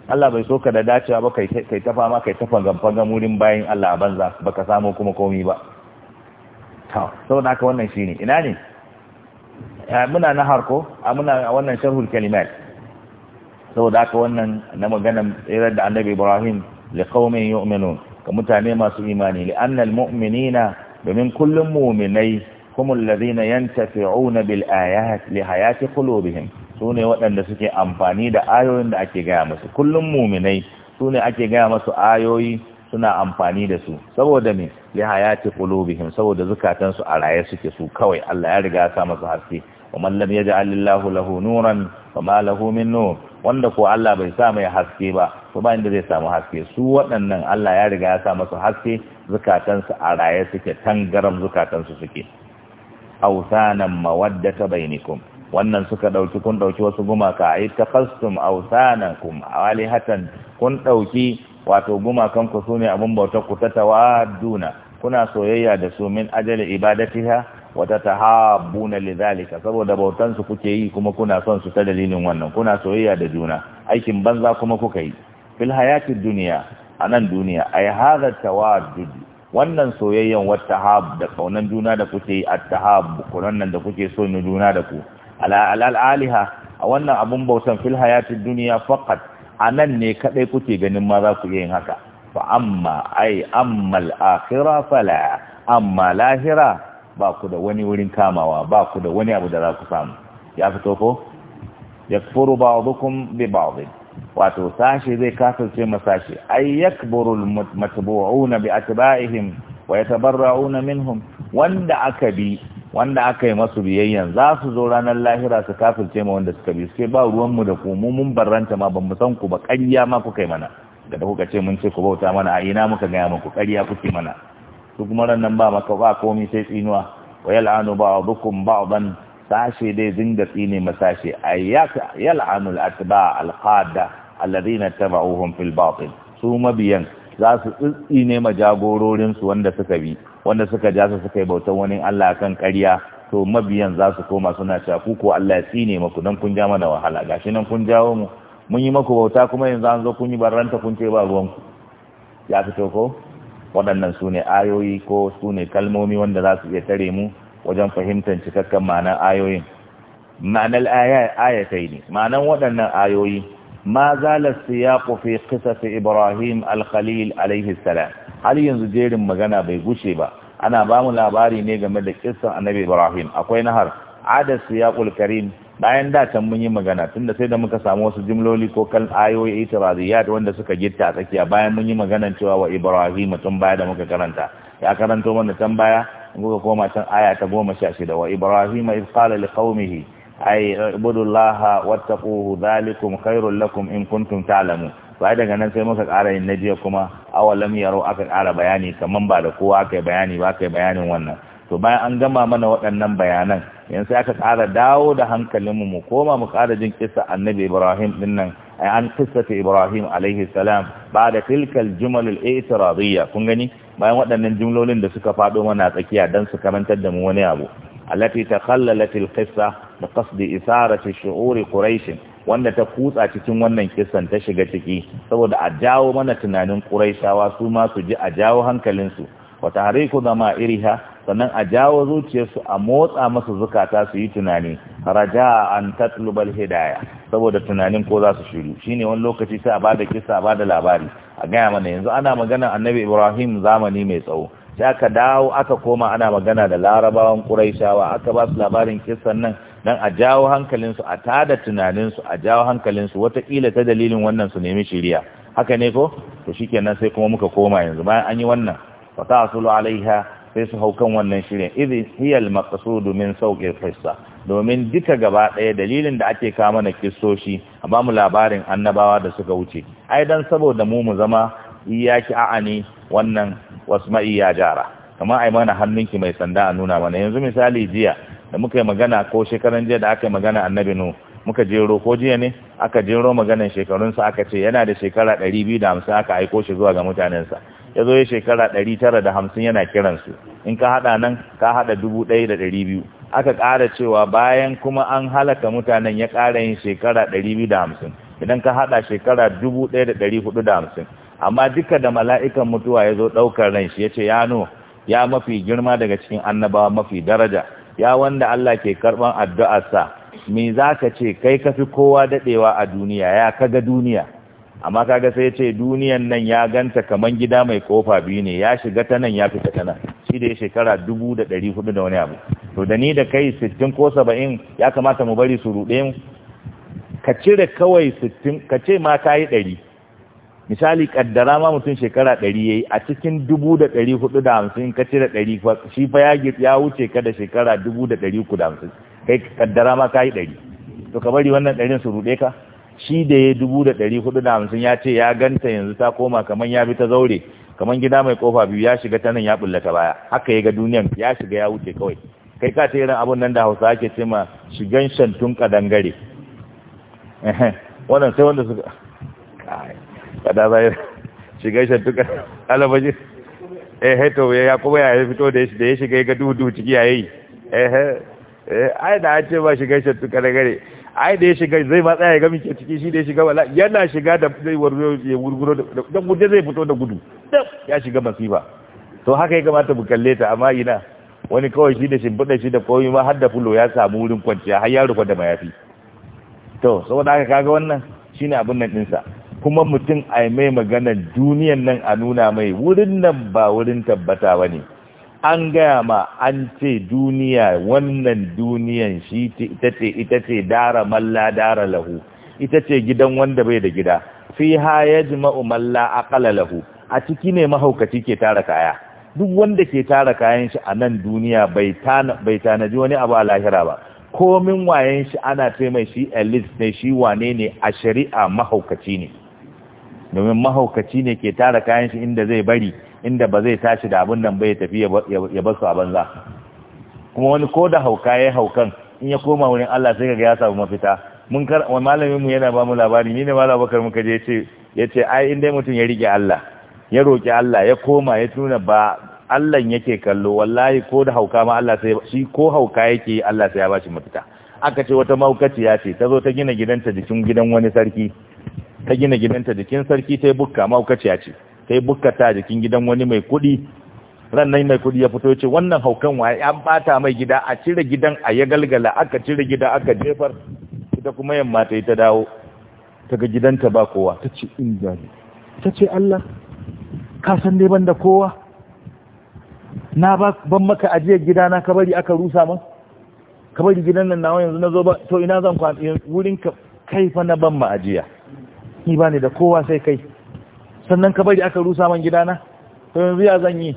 Allah bai so ka da dacewa ba kai kai ta fama kai ta fangan wurin bayin Allah a banza baka samu kuma komi ba to saboda haka wannan shine ina ne muna nahar ko a muna wannan sharhul kalimat saboda haka wannan na maganan tsirar da annabi ibrahim li qaumin yu'minun ga mutane masu imani li anna mu'minina domin kullum mu'minai humul ladina yantafi'una bil ayat li hayati qulubihim sune waɗanda suke amfani da ayoyin da ake gaya musu kullum mu'minai sune ake gaya musu ayoyi suna amfani da su saboda me li hayati qulubihim saboda zukatan su a raye suke su kawai Allah ya riga ya sa musu haske wa man lam yaj'al lahu nuran fama lahu min nur wanda ko Allah bai sa mai haske ba to ba inda zai samu haske su waɗannan Allah ya riga ya sa masu haske zukatansu a raye suke tangaram zukatansu suke awsanan mawaddata bainakum wannan suka dauki kun dauki wasu gumaka ai tafassum awsanakum alihatan kun dauki wato gumakan ku sune abun bautar ku ta tawadduna kuna soyayya da su min ajali ibadatiha wata tahabbuna lidhalika saboda bautan su kuke yi kuma kuna son su ta dalilin wannan kuna soyayya da juna aikin banza kuma kuka yi fil hayatid dunya anan duniya ay hadha tawaddud wannan soyayyan wa tahab da kaunan juna da kuke yi at kunan da kuke so ni juna da ku ala aliha a wannan abun bautan fil hayatid dunya faqat anan ne kadai kuke ganin ma za ku yin haka fa amma ay ammal akhirah fala amma lahira ba ku da wani wurin kamawa ba ku da wani abu da za ku samu ya fito ko yakfuru ba'dukum bi ba zai wato sashi zai kasance masashi ay yakburu almatbu'una bi atba'ihim wa yatabarra'una minhum wanda aka bi wanda aka yi masu biyayyan za su zo ranar lahira su kasance ma wanda suka bi suke ba ruwanmu da ku mun barranta ma ban san ku ba karya ma kuka yi mana da kuka ce mun ce ku bauta mana a ina muka gaya muku Karya kuke mana su kuma nan ba maka ba komi sai tsinuwa wa yal'anu ba'dukum ba'dan sashe dai dinga tsine masashe ayyaka al atba al-qada alladhina tabauhum fil batil su mabiyan za su tsine ma jagororin su wanda suka bi wanda suka ja su suka yi bautan wani Allah kan ƙarya to mabiyan za su koma suna cewa ku ko Allah ya tsine maku dan kun ja mana wahala gashi nan kun jawo mu mun yi maku bauta kuma yanzu an zo kun yi barranta kun ce ba ruwan ku ya fito ko waɗannan su ne ayoyi ko su ne kalmomi wanda za su iya tare mu wajen fahimtar cikakken ma'anar ayoyin ma'anar ayatai ne ma'anar waɗannan ayoyi ma zalar siyaƙo fi ibrahim alkhalil alaihi salam har yanzu jerin magana bai gushe ba ana ba mu labari ne game da a annabi ibrahim akwai nahar adas siyaƙul karim bayan da can mun yi magana tunda sai da muka samu wasu jimloli ko kal ayoyi ita itiraziyat wanda suka gitta a tsakiya bayan mun yi maganan cewa wa ibrahim tun baya da muka karanta ya karanto mana can baya kuka koma can aya ta goma sha shida wa ibrahim iz qala li qaumihi ay ibudu allaha wattaquhu dhalikum khairul lakum in kuntum ta'lamun bayan daga nan sai muka ƙara yin jiya kuma awalam yaro aka ƙara bayani kaman ba da kowa aka yi bayani ba aka bayanin wannan to bayan an gama mana waɗannan bayanan yanzu aka ƙara dawo da hankalinmu mu koma mu ƙara jin kisa annabi ibrahim din nan eh, an kisata ibrahim alaihi salam ba da tilkal jumalul itiradiyya kun gani bayan waɗannan jimlolin da suka faɗo mana tsakiya dan su karantar da mu wani abu allati takhallalat alqissa bi qasdi isarati shu'ur quraish wanda ta kutsa cikin wannan kisan ta shiga ciki saboda a jawo mana tunanin quraishawa su ma su ji a jawo hankalinsu wa tahriku iri iriha sannan a jawo zuciyarsu a motsa masu zukata su yi tunani raja an tatlubal hidaya saboda tunanin ko za su shiru shine wani lokaci sai a ba da kisa a da labari a gaya mana yanzu ana magana annabi ibrahim zamani mai tsawo sai aka dawo aka koma ana magana da larabawan ƙuraishawa aka ba su labarin kisan nan dan a jawo hankalinsu a tada tunaninsu a jawo hankalinsu watakila ta dalilin wannan su nemi shiriya haka ne ko to shikenan sai kuma muka koma yanzu bayan an yi wannan fa ta asulu alaiha sai su hau kan wannan shirin izi hiyal al maqsud min sawqi domin duka gaba ɗaya dalilin da ake kawo mana kissoshi a ba mu labarin annabawa da suka wuce ai dan saboda mu mu zama iyaki a'ani wannan wasu ya jara kamar ai mana hannunki mai sanda a nuna mana yanzu misali jiya da muka yi magana ko shekaran jiya da aka yi magana annabi nu muka jero ko jiya ne aka jero maganan shekarunsa aka ce yana da shekara ɗari biyu da hamsin aka aiko shi zuwa ga mutanensa ya zo ya shekara 950 yana kiransu in ka hada nan ka hada 1200 aka ƙara cewa bayan kuma an halaka mutanen ya kara yin shekara 250 idan ka hada shekara 1450 amma duka da mala'ikan mutuwa ya zo ɗaukar ran shi ya ce ya no ya mafi girma daga cikin annabawa mafi daraja ya wanda Allah ke karban addu'arsa me za ka ce kai ka fi kowa dadewa a duniya ya kaga duniya amma kaga sai ya ce duniyan nan ya ganta kaman gida mai kofa biyu ne ya shiga ta nan ya fita ta nan shi da ya shekara dubu da ɗari hudu da wani abu to da ni da kai sittin ko saba'in ya kamata mu bari su ruɗe mu ka cire kawai sittin ka ce ma ka yi ɗari misali kaddara ma mutum shekara ɗari ya yi a cikin dubu da ɗari hudu da hamsin ka cire ɗari shi fa ya ya wuce ka da shekara dubu da ɗari uku da hamsin kai kaddara ma ka yi ɗari to ka bari wannan ɗarin su ruɗe ka shi da ya dubu da ɗari hudu da hamsin ya ce ya ganta yanzu ta koma kamar ya bi ta zaure kamar gida mai kofa biyu ya shiga ta nan ya bullata baya haka ya ga duniyan ya shiga ya wuce kawai kai ka ce irin abun nan da hausa ake cewa shigan shantun kadangare wannan sai wanda suka kada zai shigan shantun alabaji eh he to ya kuma ya fito da ya shiga ya ga dudu ciki yayi eh eh ai da ce ba shigan shantun kadangare ai da ya shiga zai ma tsaya ya ga ciki shi da ya shiga wala yana shiga da zai warzo ya wurguro da gudu zai fito da gudu ya shiga masifa to haka ya kamata mu kalle ta amma ina wani kawai shi da shimfiɗa shi da komai ma har da fulo ya samu wurin kwanciya har ya rufa da mayafi to saboda haka kaga wannan shine abin nan ɗinsa kuma mutum a mai maganar duniyan nan a nuna mai wurin nan ba wurin tabbata ba ne an gaya ma an ce duniya wannan duniyan shi ita ce ita ce dara malla dara lahu ita ce gidan wanda bai da gida fi ha yajma'u malla aqala lahu a ciki ne mahaukaci ke tara kaya duk wanda ke tara kayan shi a nan duniya bai tanaji wani abu a lahira ba komin wayen shi ana ce mai shi elite ne shi wane ne a shari'a mahaukaci ne domin mahaukaci ne ke tara kayan shi inda zai bari inda ba zai tashi da abin nan bai tafi ya basu a banza kuma wani ko da hauka ya haukan in ya koma wurin Allah sai kaga ya samu mafita mun kar malamin mu yana ba mu labari ni ne malam Abubakar muka je yace yace ai in dai mutum ya rike Allah ya roki Allah ya koma ya tuna ba Allah yake kallo wallahi ko da hauka ma Allah sai shi ko hauka yake Allah sai ya bashi mafita aka ce wata ya ce ta zo ta gina gidanta jikin gidan wani sarki ta gina gidanta jikin sarki ta yi bukka ya ce Kai bukata jikin gidan wani mai kuɗi rannan mai kuɗi ya fito ce wannan haukan waye an bata mai gida a cire gidan a ya galgala aka cire gida aka jefar ita kuma yamma ta yi ta dawo ta ga gidanta ba kowa ta ce in jari ta ce Allah ka san dai ban da kowa na ba ban maka gida gidana ka bari aka rusa mun? ka bari gidan nan nawa yanzu na zo ba to ina zan kwan wurin ka kai fa na ban ma ajiya ni ba ne da kowa sai kai sannan ka bari aka rusa man gidana to yanzu ya zan yi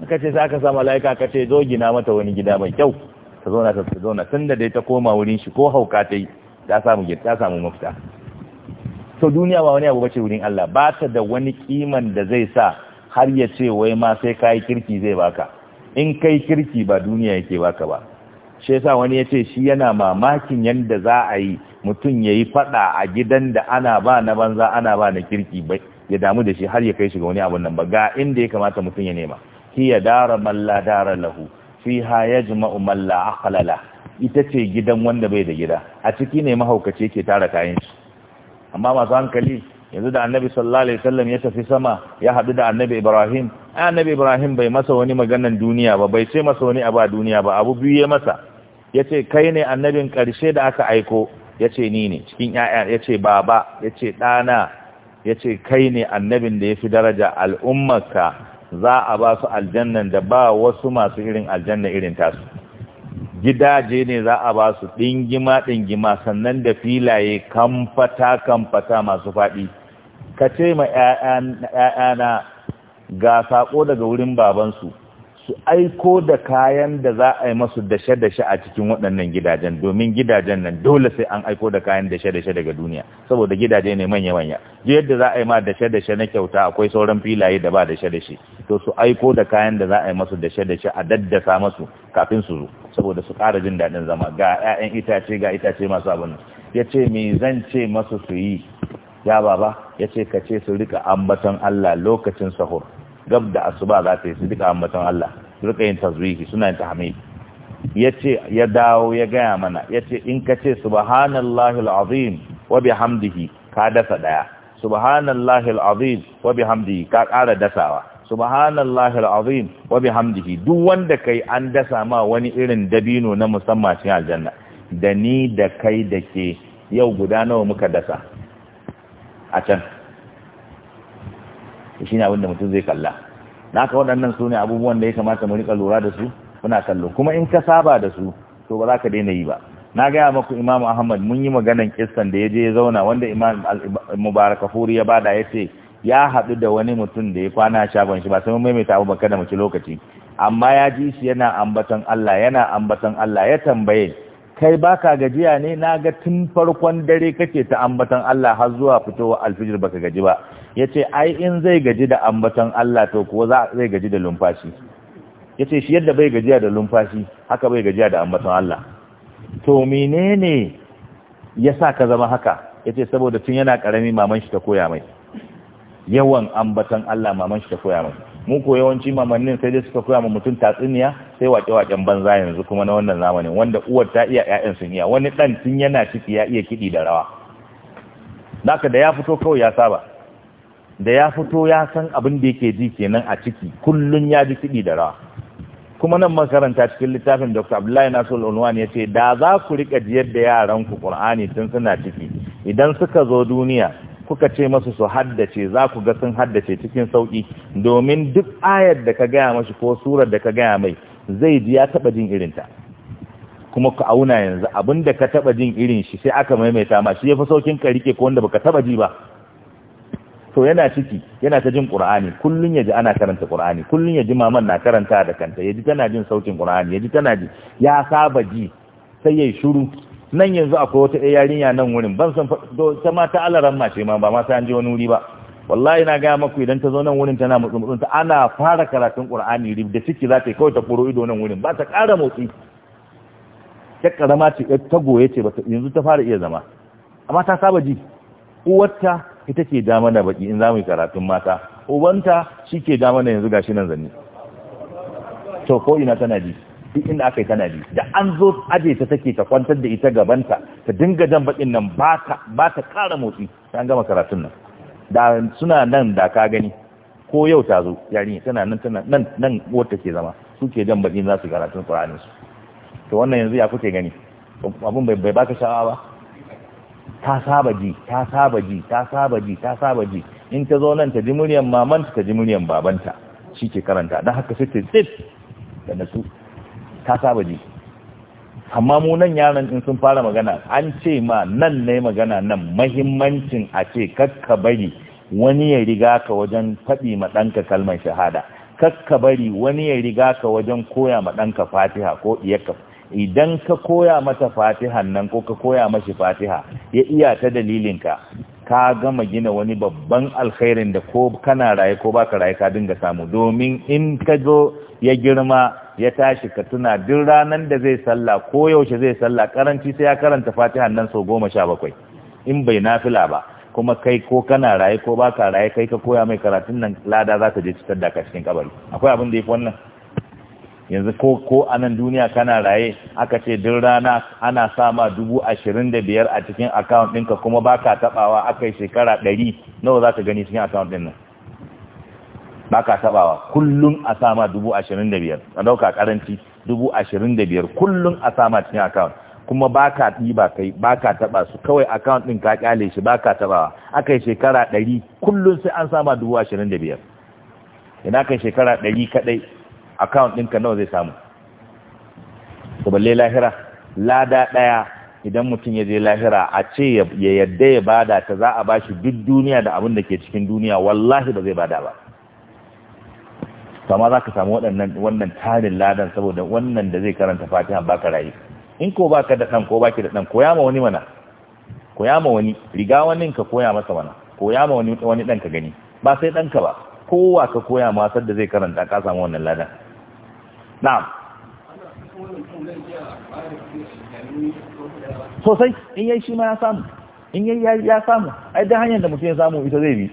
aka ce sai aka sa mala'ika ka ce zo gina mata wani gida mai kyau ta zauna ta zauna tun da dai ta koma wurin shi ko hauka ta yi ta samu ta samu mafita to duniya ba wani abu bace wurin Allah ba ta da wani kiman da zai sa har ya ce wai ma sai kai kirki zai baka in kai kirki ba duniya yake baka ba shi yasa wani ya ce shi yana mamakin yanda za a yi mutum ya yi fada a gidan da ana ba na banza ana ba na kirki ya damu da shi har ya kai shi ga wani abun nan ba ga inda ya kamata mutum ya nema hiya dara man dara lahu fiha yajma'u man la ita ce gidan wanda bai da gida a ciki ne mahaukaci yake tara kayan shi amma masu hankali yanzu da annabi sallallahu alaihi wasallam ya tafi sama ya haɗu da annabi ibrahim ai annabi ibrahim bai masa wani maganan duniya ba bai ce masa wani abu a duniya ba abu biyu ya masa ya ce kai ne annabin ƙarshe da aka aiko ya ce ni ne cikin ya'ya ya ce baba ya ce ɗana ya ce kai ne annabin da ya fi daraja al'ummarka za a ba su aljannan da ba wasu masu irin aljanna irin tasu gidaje ne za a ba su ɗingima ɗingima sannan da filaye kamfata kamfata masu faɗi ka ce ma ‘ya'yana ga saƙo daga wurin babansu su aiko da kayan da za a yi masu dashe-dashe a cikin waɗannan gidajen domin gidajen nan dole sai an aiko da kayan dashe-dashe daga duniya saboda gidaje ne manya-manya je yadda za a yi ma dashe-dashe na kyauta akwai sauran filaye da ba dashe-dashe to su aiko da kayan da za a yi masu dashe-dashe a daddasa masu kafin su zo saboda su ƙara jin daɗin zama ga 'ya'yan itace ga itace masu abin ya ce me zan ce masu su yi ya baba ya ce ka ce su rika ambaton Allah lokacin sahur gab da asuba za ta yi su duka ambaton Allah su rika yin tasbihi suna yin tahmid ce ya dawo ya gaya mana yace in ka ce subhanallahi alazim wa bihamdihi ka dasa daya subhanallahi alazim wa bihamdihi ka ƙara dasawa subhanallahi alazim wa bihamdihi duk wanda kai an dasa ma wani irin dabino na musamman cikin aljanna da ni da kai da ke yau guda nawa muka dasa a can shi ne abinda mutum zai kalla na ka waɗannan su ne abubuwan da ya kamata mu riƙa lura da su muna kallo kuma in ka saba da su to ba za ka daina yi ba na gaya maku imamu ahmad mun yi maganan kissan da ya je ya zauna wanda imam furi ya bada ya ce ya haɗu da wani mutum da ya kwana shagon shi ba sai mun maimaita abu kada mu ci lokaci amma ya ji shi yana ambaton Allah yana ambaton Allah ya tambaye kai baka gajiya ne na ga tun farkon dare kake ta ambaton Allah har zuwa fitowa alfijir baka gaji ba Ya ce ai in zai gaji da ambaton Allah to kuwa zai gaji da lumfashi ce shi yadda bai gajiya da lumfashi haka bai gajiya da ambaton Allah to menene sa ka zama haka Ya ce saboda tun yana karami maman shi ta koya mai yawan ambaton Allah maman shi ta koya mai mu ko yawanci mamannin sai dai suka koya ma mutum tatsuniya sai wake waƙen banza yanzu kuma na wannan zamanin wanda uwar ta iya ƴaƴan sun iya wani ɗan tun yana ciki ya iya kiɗi da rawa naka da ya fito kawai ya saba da ya fito ya san abin da yake ji kenan a ciki kullun ya ji kiɗi da rawa kuma nan makaranta cikin littafin dr abdullahi nasul unwan ya ce da za ku rika jiyar da yaranku ƙur'ani tun suna ciki idan suka zo duniya kuka ce masu su haddace za ku ga sun haddace cikin sauƙi domin duk ayar da ka gaya mashi ko surar da ka gaya mai zai ji ya taɓa jin irinta kuma ku auna yanzu abin da ka taɓa jin irin shi sai aka maimaita ma shi ya fi saukin ka rike ko wanda baka taɓa ji ba to yana ciki yana ta jin qur'ani kullun yaji ana karanta qur'ani kullun yaji maman na karanta da kanta yaji tana jin sautin qur'ani yaji tana ji ya saba ji sai yayi shiru nan yanzu akwai wata ɗaya yarinya nan wurin ban san ta ma ta alaran ma ce ma ba ma sai an je wani wuri ba wallahi na gaya maku idan ta zo nan wurin tana mutsu mutsu ana fara karatun qur'ani rib da ciki za ta yi kawai ta koro ido nan wurin ba ta ƙara motsi ta karama ce ta goye ce yanzu ta fara iya zama amma ta saba ji uwarta ita ke dama da baki in za mu yi karatun mata ubanta shi ke dama da yanzu gashi nan zanni to ko ina tana ji duk inda aka yi tana ji da an zo aje ta take ta kwantar da ita gabanta ta dinga jan bakin nan ba ta kara motsi ta an gama karatun nan da suna nan da ka gani ko yau ta zo yarinya tana nan tana nan nan wata ke zama su ke jan bakin za su karatun to wannan yanzu ya kuke gani abun bai baka sha'awa ba ta saba ji ta saba ji ta saba ji ta saba ji in ta zo nan ta ji muryan mamanta ta ji muryan babanta shi ke karanta don haka sai ta tsit da nasu ta saba ji amma mu nan yaran in sun fara magana an ce ma nan ne magana nan mahimmancin a ce kakka bari wani ya riga ka wajen faɗi ma ɗanka kalmar shahada kakka bari wani ya riga ka wajen koya ma ɗanka fatiha ko iyakka idan ka koya mata fatihan nan ko ka koya mashi fatiha ya iya ta dalilinka ka gama gina wani babban alkhairin da ko kana raye ko baka raye ka dinga samu domin in ka zo ya girma ya tashi ka tuna duk ranar da zai sallah ko yaushe zai sallah karanci sai ya karanta fatihan nan sau goma sha bakwai in bai nafila ba kuma kai ko kana raye ko baka raye kai ka koya mai karatun nan lada za ta je cikar da ka cikin kabari akwai abin da ya fi wannan yanzu ko ko a nan duniya kana raye aka ce duk rana ana sama dubu ashirin da biyar a cikin akawun ɗinka kuma ba ka taɓawa aka yi shekara ɗari nawa za ka gani cikin akawun ɗin nan ba ka taɓawa kullum a sama dubu ashirin da biyar a ɗauka ƙaranci dubu ashirin da biyar kullum a sama cikin akawun kuma ba ka ɗiba kai ba ka taɓa su kawai akawun ɗin ka ƙyale shi ba ka taɓawa aka yi shekara ɗari kullum sai an sama dubu ashirin da biyar idan aka yi shekara ɗari kaɗai account ɗinka nawa zai samu to balle lahira lada ɗaya idan mutum ya je lahira a ce ya yadda ya bada ta za a bashi duk duniya da abin da ke cikin duniya wallahi ba zai bada ba kama za ka samu waɗannan wannan tarin ladan saboda wannan da zai karanta fatiha baka rayu in ko baka da dan ko baki da dan koya ma wani mana koya ma wani riga wani ka koya masa mana koya ma wani wani ɗan ka gani ba sai ka ba kowa ka koya ma da zai karanta ka samu wannan ladan na'am sosai in yayi shi ma ya samu in yayi ya samu ai da hanyar da mutum ya samu ita zai bi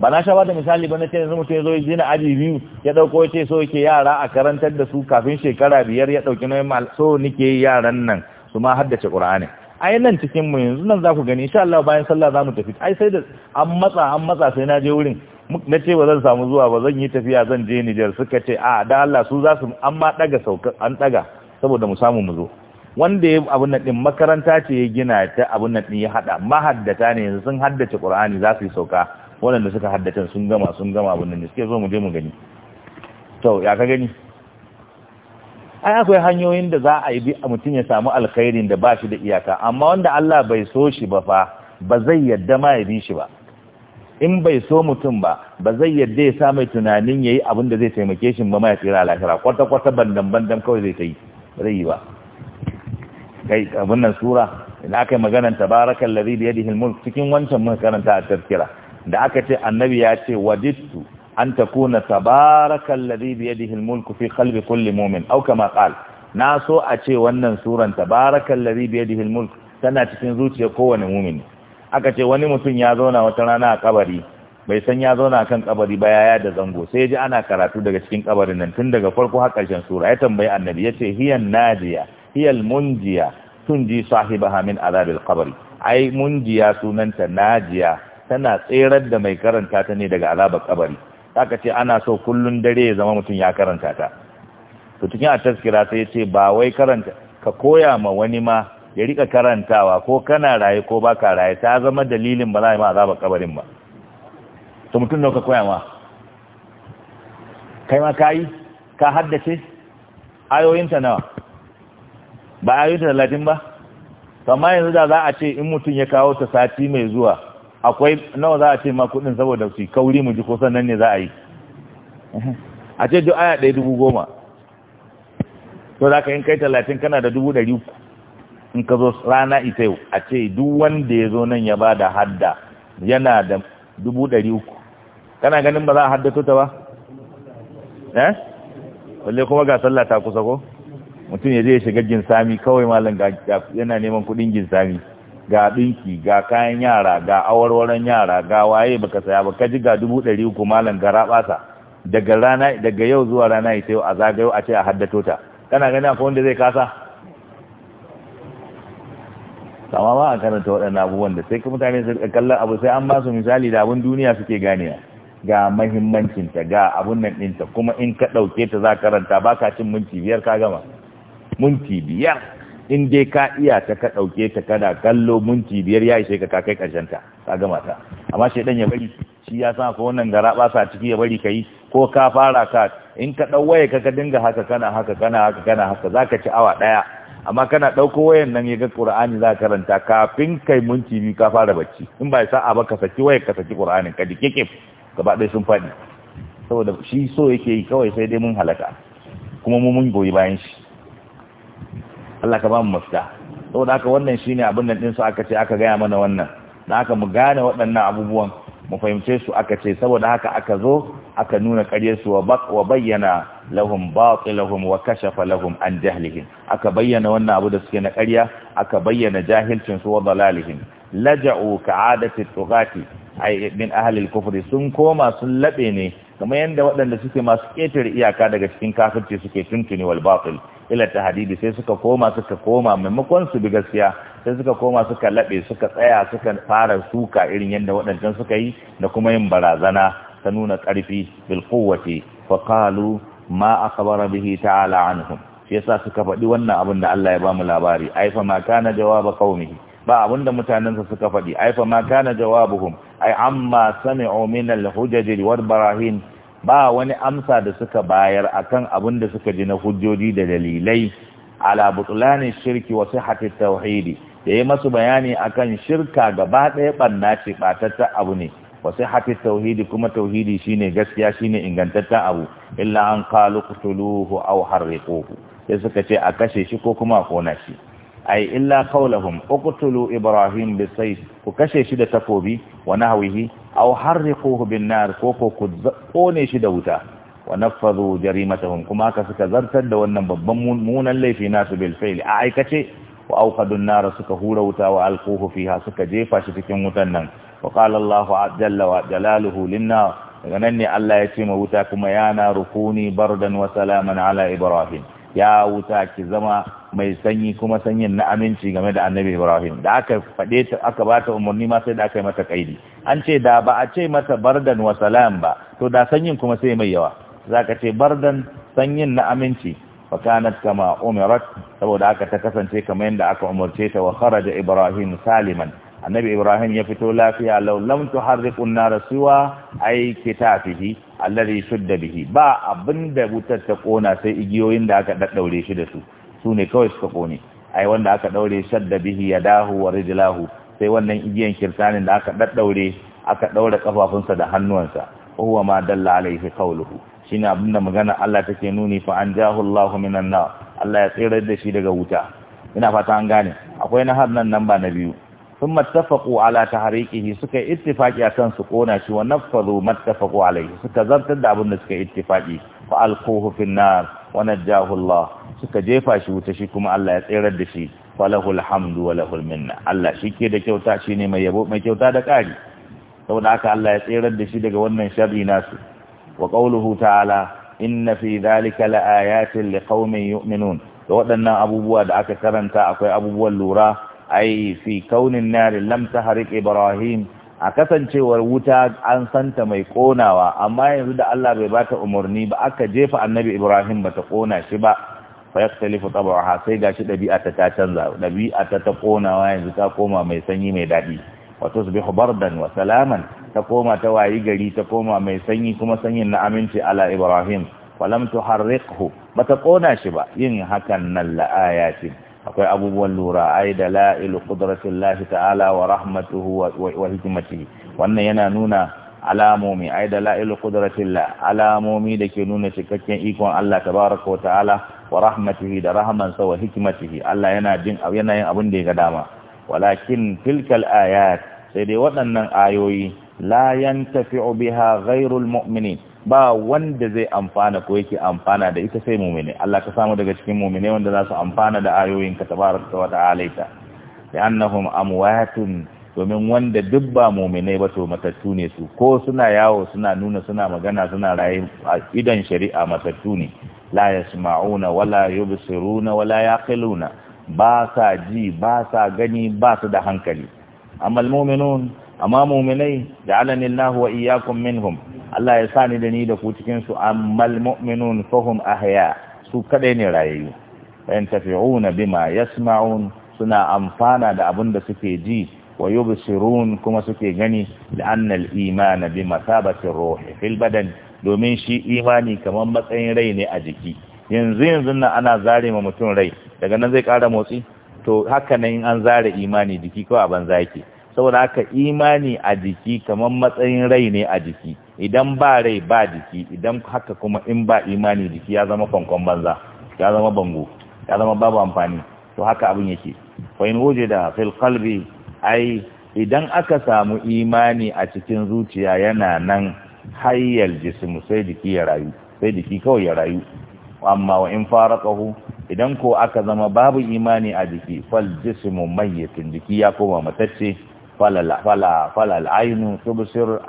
ba na sha ba da misali ba na ce yanzu mutum ya zo ya jina aji biyu ya dauko ya ce so yake yara a karantar da su kafin shekara biyar ya dauki nauyin so nake yaran nan su ma haddace qur'ani ai nan cikin mu yanzu nan za ku gani insha Allah bayan sallah za mu tafi ai sai da an matsa an matsa sai na je wurin na ce ba zan samu zuwa ba zan yi tafiya zan je Nijar suka ce a da Allah su za su an ma daga sauka an daga saboda mu samu mu zo wanda ya abun nan din makaranta ce ya gina ta abun nan din ya hada mahaddata ne yanzu sun haddace Qur'ani za su yi sauka waɗanda suka haddace sun gama sun gama abun nan suke zo mu je mu gani to ya ka gani ai akwai hanyoyin da za a yi a mutum ya samu alkhairin da ba shi da iyaka amma wanda Allah bai so shi ba fa ba zai yadda ma ya bi shi ba in bai so mutum ba ba zai yadda ya sa mai tunanin yayi abin da zai taimake shi ba mai tsira lahira kwata kwata bandan bandan kawai zai tayi zai yi ba kai abin nan sura idan aka yi maganar tabarakal ladhi bi yadihi al-mulk cikin wancan mun karanta a tafsira da aka ce annabi ya ce wajidtu an takuna tabarakal ladhi bi yadihi al-mulk fi qalbi kulli mu'min aw kama na so a ce wannan suran tabarakal ladhi bi yadihi al-mulk tana cikin zuciyar kowane mu'mini aka ce wani mutum ya zauna wata rana a kabari bai san ya zauna kan kabari ba yaya da zango sai ya ji ana karatu daga cikin kabarin nan tun daga farko har ƙarshen sura ya tambayi annabi ya ce hiyan najiya hiyal munjiya tunji sahiba hamin azabil kabari. ai munjiya sunanta najiya tana tserar da mai karanta ta ne daga azabar kabari aka ce ana so kullum dare ya zama mutum ya karanta ta to cikin a taskira sai ya ce ba wai karanta ka koya ma wani ma ya rika karantawa ko kana raye ko baka raye ta zama dalilin ba za a yi ma kabarin ba to mutum nauka ka koya ma kai ma kayi ka haddace ayoyinta nawa ba ayoyinta talatin ba amma yanzu da za a ce in mutum ya kawo ta sati mai zuwa akwai nawa za a ce ma kudin saboda su kauri mu ji ko sannan ne za a yi a ce duk aya ɗaya dubu goma to za ka yin kai talatin kana da dubu ɗari uku in ka zo rana ita yau a ce duk wanda ya zo nan ya ba da hadda yana da dubu ɗari uku kana ganin ba za a haddato ta ba eh walle kuma ga sallah ta kusa ko mutum ya je ya shiga ginsami kawai malam yana neman kuɗin ginsami ga ɗinki ga kayan yara ga awarwaron yara ga waye baka saya ba kaji ga dubu ɗari uku malam gara ɓasa daga rana daga yau zuwa rana ita yau a zagayo a ce a haddato ta kana ganin akwai wanda zai kasa amma ba a karanta waɗannan abubuwan da sai mutane su kallon abu sai an ba su misali da abin duniya suke ganewa ga mahimmancinta ga abun nan ɗinta kuma in ka ɗauke ta za karanta ba ka cin minti biyar ka gama minti biyar in dai ka iya ta ka ɗauke ta kana kallo minti biyar ya ishe ka kai ƙarshen ta ka gama ta amma ɗan ya bari shi ya sa ko wannan gara ba sa ciki ya bari ka yi ko ka fara ka in ka ɗau waye ka ka dinga haka kana haka kana haka kana haka za ka ci awa ɗaya amma kana ɗauko wayan nan ya ga ƙura'ani za ka karanta kafin kai minti biyu ka fara bacci in ba sa'a ba ka saki wayan ka saki ƙur'anin ka ke gaba ɗaya sun faɗi saboda shi so yake yi kawai sai dai mun halaka kuma mu mun goyi bayan shi Allah ka ba mu mafita saboda haka wannan shine abin nan ɗin su aka ce aka gaya mana wannan da haka mu gane waɗannan abubuwan mu fahimce su aka ce saboda haka aka zo aka nuna ƙaryarsu wa bayyana lahum batilahum wa kashafa lahum an jahlihim aka bayyana wannan abu da suke na ƙarya aka bayyana jahilcin su wa dalalihim laja'u ka'adati tughati ay min ahli al-kufr sun koma sun labe ne kamar yanda waɗanda suke masu ƙetare iyaka daga cikin kafirci suke tuntuni wal batil ila tahdidi sai suka koma suka koma maimakon su bi gaskiya sai suka koma suka laɓe, suka tsaya suka fara suka irin yadda waɗancan suka yi da kuma yin barazana ta nuna ƙarfi bil quwwati fa qalu ma bihi ta'ala anhum shi yasa suka faɗi wannan abin da Allah ya bamu labari ai fa ma kana jawaba qaumihi ba abinda mutanensa suka faɗi ai fa ma kana jawabuhum ai amma sami'u min al-hujaj wal barahin ba wani amsa da suka bayar akan abin da suka ji na hujjoji da dalilai ala butulani shirki wa sihhati tauhidi da yi masu bayani akan shirka gaba ɗaya banna ce batatta abu ne wa sihhati tauhidi kuma tauhidi shine gaskiya shine ingantaccen abu illa an qalu qutuluhu aw harriquhu sai suka ce a kashe shi ko kuma a kona shi ay illa qawlahum uqtulu ibrahim bisayf ku kashe shi da takobi wa nahwihi aw harriquhu bin nar ko ko ku kone shi da wuta wa nafadhu jarimatahum kuma ka suka zartar da wannan babban munan laifi nasu bil fi'li a aikace wa awqadun nar suka hura wuta wa alquhu fiha suka jefa shi cikin wutan nan wa qala Allahu jalla wa jalaluhu lin nar daga nan ne Allah ya ce ma wuta kuma ya na rukuni bardan wa salaman ala ibrahim ya wuta ki zama mai sanyi kuma sanyin na aminci game da annabi ibrahim da aka faɗe aka ba ta umarni ma sai da aka yi mata kaidi an ce da ba a ce mata bardan wa salam ba to da sanyin kuma sai mai yawa za ka ce bardan sanyin na aminci fa kanat kama umirat saboda aka ta kasance kamar yadda aka umarce ta wa kharaja ibrahim saliman annabi ibrahim ya fito lafiya law lam tuharriqu an-nar siwa ay kitabihi alladhi shudda bihi ba abinda wutar ta kona sai igiyoyin da aka daddaure shi da su su ne kawai suka kone ai wanda aka daure shadda bihi yadahu wa rijlahu sai wannan igiyan kirtanin da aka daddaure aka daura kafafunsa da hannuwansa huwa ma dalla alaihi qawluhu shine abinda magana Allah take nuni fa anjahu Allahu minan nar Allah ya tsira da shi daga wuta ina fata an gane akwai na har nan namba na biyu thumma tafaqu ala tahriqihi suka ittifaqi akan su kona shi wa nafalu matafaku alaihi suka zartar da abin da suka ittifaqi fa alquhu fin nar wa Allah suka jefa shi wuta shi kuma Allah ya tsirar da shi falahul hamdu wa minna Allah ke da kyauta shine mai yabo mai kyauta da kari saboda haka Allah ya tsirar da shi daga wannan shari nasu wa qawluhu ta'ala inna fi dhalika laayatin liqaumin yu'minun da waɗannan abubuwa da aka karanta akwai abubuwan lura ai fi kaunin nari lam tahriq ibrahim a kasancewar wuta an santa mai konawa amma yanzu da Allah bai bata umarni ba aka jefa annabi Ibrahim ba ta kona shi ba fa yaktalifu tabaha sai gashi dabi'a ta ta canza dabi'a ta ta konawa yanzu ta koma mai sanyi mai dadi wa tusbihu bardan wa salaman ta koma ta wayi gari ta koma mai sanyi kuma sanyin na aminci ala Ibrahim walam tuharriqhu ta kona shi ba yin hakan nan la ayatin akwai abubuwan lura ai da la'ilu qudratillahi ta'ala wa rahmatuhu wa hikmatihi wannan yana nuna alamomi ai da la'ilu qudratillah alamomi da ke nuna cikakken ikon Allah tabaraka wa ta'ala wa rahmatihi da rahmansa wa hikmatihi Allah yana jin yana yin abin da ya ga dama walakin tilkal ayat sai dai waɗannan ayoyi la yantafi'u biha ghairul mu'minin ba wanda zai amfana ko yake amfana da ita sai mumine Allah ka samu daga cikin mumine wanda za su amfana da ayoyin ka tabaraka wa ta'alaita annahum amwatun domin wanda duk ba mumine ba to matattu ne su ko suna yawo suna nuna suna magana suna rayi a idan shari'a matattu ne la yasma'una wala yubsiruna wala yaqiluna ba sa ji ba sa gani ba su da hankali amma mu'minun amma mu'minai ja'alani Allahu wa iyyakum minhum Allah ya sa ni da ni da ku cikin su ammal mu'minun fahum ahya su kadai ne rayayyu tafi'una bima yasma'un suna amfana da abin da suke ji wa yubsirun kuma suke gani da annal iman bi masabati ruhi fil badan domin shi imani kamar matsayin rai ne a jiki yanzu yanzu nan ana zare ma mutum rai daga nan zai kara motsi to haka nan in an zare imani jiki ko a banza yake saboda haka imani a jiki kamar matsayin rai ne a jiki idan ba rai ba jiki idan haka kuma in ba imani jiki ya zama kwankwan banza ya zama bango ya zama babu amfani to haka abin yake fahim in da fil kalbi ai idan aka samu imani a cikin zuciya yana nan hayyar jismu sai jiki ya rayu sai jiki kawai ya rayu amma wa in kahu idan ko aka zama babu imani a jiki fal jismu mayyitun jiki ya koma matacce falal fala falal ainu tubsir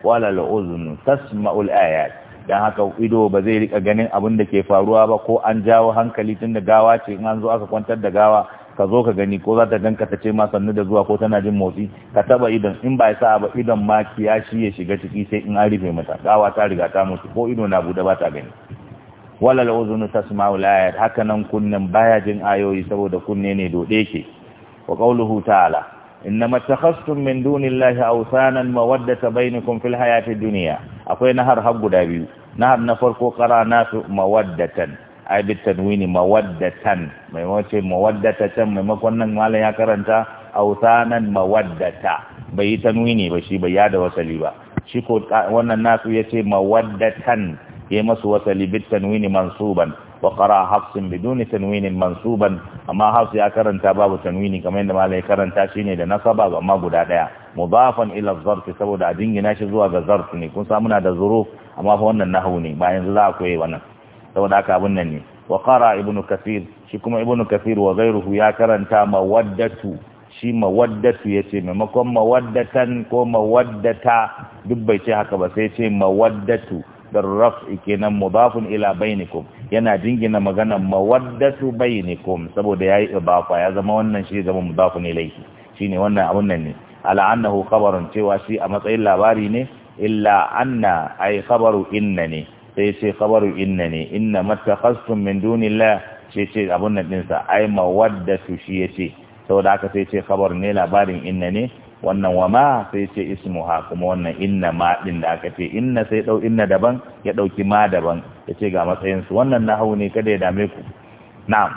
wala al'uzun tasma'ul ayat dan haka ido ba zai rika ganin abin da ke faruwa ba ko an jawo hankali tun da gawa ce in an zo aka kwantar da gawa ka zo ka gani ko za ta danka ta ce ma sannu da zuwa ko tana jin motsi ka taba idon in ba sa ba idon ma shi ya shiga ciki sai in an rufe mata gawa ta riga ta mutu ko ido na bude ba ta gani wala al'uzun tasma'ul ayat haka nan kunnen baya jin ayoyi saboda kunne ne dode yake wa qauluhu ta'ala innama takhastum min dunillahi awsanan mawaddata bainakum fil hayati dunya akwai nahar har guda biyu nahar na farko qara nasu mawaddatan ai bi tanwini mawaddatan mai wace mawaddata can maimakon nan malam ya karanta awsanan mawaddata bai yi tanwini ba shi bai yada wasali ba shi ko wannan nasu yace mawaddatan yayi masu wasali bi tanwini mansuban wa qara hafsin biduni tanwinin mansuban amma hafs ya karanta babu tanwini kamar yadda malai karanta ne da nasaba amma guda daya mudafan ila zarf saboda a dingina shi zuwa ga zarf ne kun samu na da zuruf amma fa wannan nahwu ne ba yanzu za ku yi wannan saboda haka abun nan ne wa qara ibnu kafir shi kuma ibnu kafir wa ghayruhu ya karanta mawaddatu shi mawaddatu yace maimakon mawaddatan ko mawaddata duk bai ce haka ba sai ce mawaddatu masdar raf'i kenan mudafun ila bainikum yana jingina magana mawaddatu bainikum saboda yayi ibafa ya zama wannan shi zama mudafun ilayhi shine wannan abun nan ne ala annahu khabarun cewa shi a matsayin labari ne illa anna ay khabaru inna ne sai ce khabaru inna ne inna mattakhastum min dunillah Sai ce abun nan dinsa ay mawaddatu shi yace saboda haka sai ce khabar ne labarin inna ne wannan wa ma sai ce ismuha kuma wannan inna ma din da aka ce inna sai dau inna daban ya dauki ma daban ya ce ga matsayin su wannan nahwu ne kada ya dame ku na'am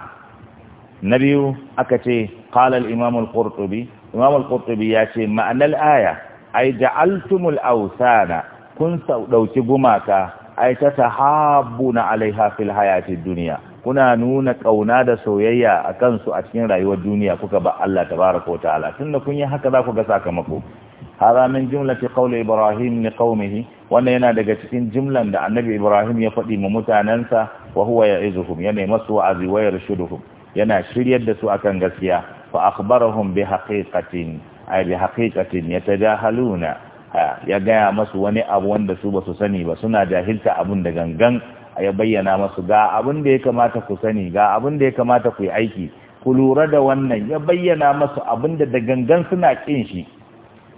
na biyu aka ce qala al imam al qurtubi imam al qurtubi ya ce ma'anar aya ai ja'altumul awsana kun sau dauki gumaka ai ta alaiha fil hayatid dunya kuna nuna ƙauna da soyayya a kansu a cikin rayuwar duniya kuka ba Allah tabaraka wa ta'ala tunda kun yi haka za ku ga sakamako hada min jumlati qawli ibrahim li qaumihi wanda yana daga cikin jumlan da annabi ibrahim ya faɗi ma mutanansa wa huwa ya'izuhum yana masu wa'azi wa yarshuduhum yana shiryar da su akan gaskiya fa akhbarahum bi haqiqatin ay bi haqiqatin yatajahaluna ya gaya masu wani abu wanda su basu sani ba suna jahilta abun da gangan ya bayyana masu ga abin da ya kamata ku sani ga abin da ya kamata ku yi aiki ku lura da wannan ya bayyana masu abin da dagangan suna kin shi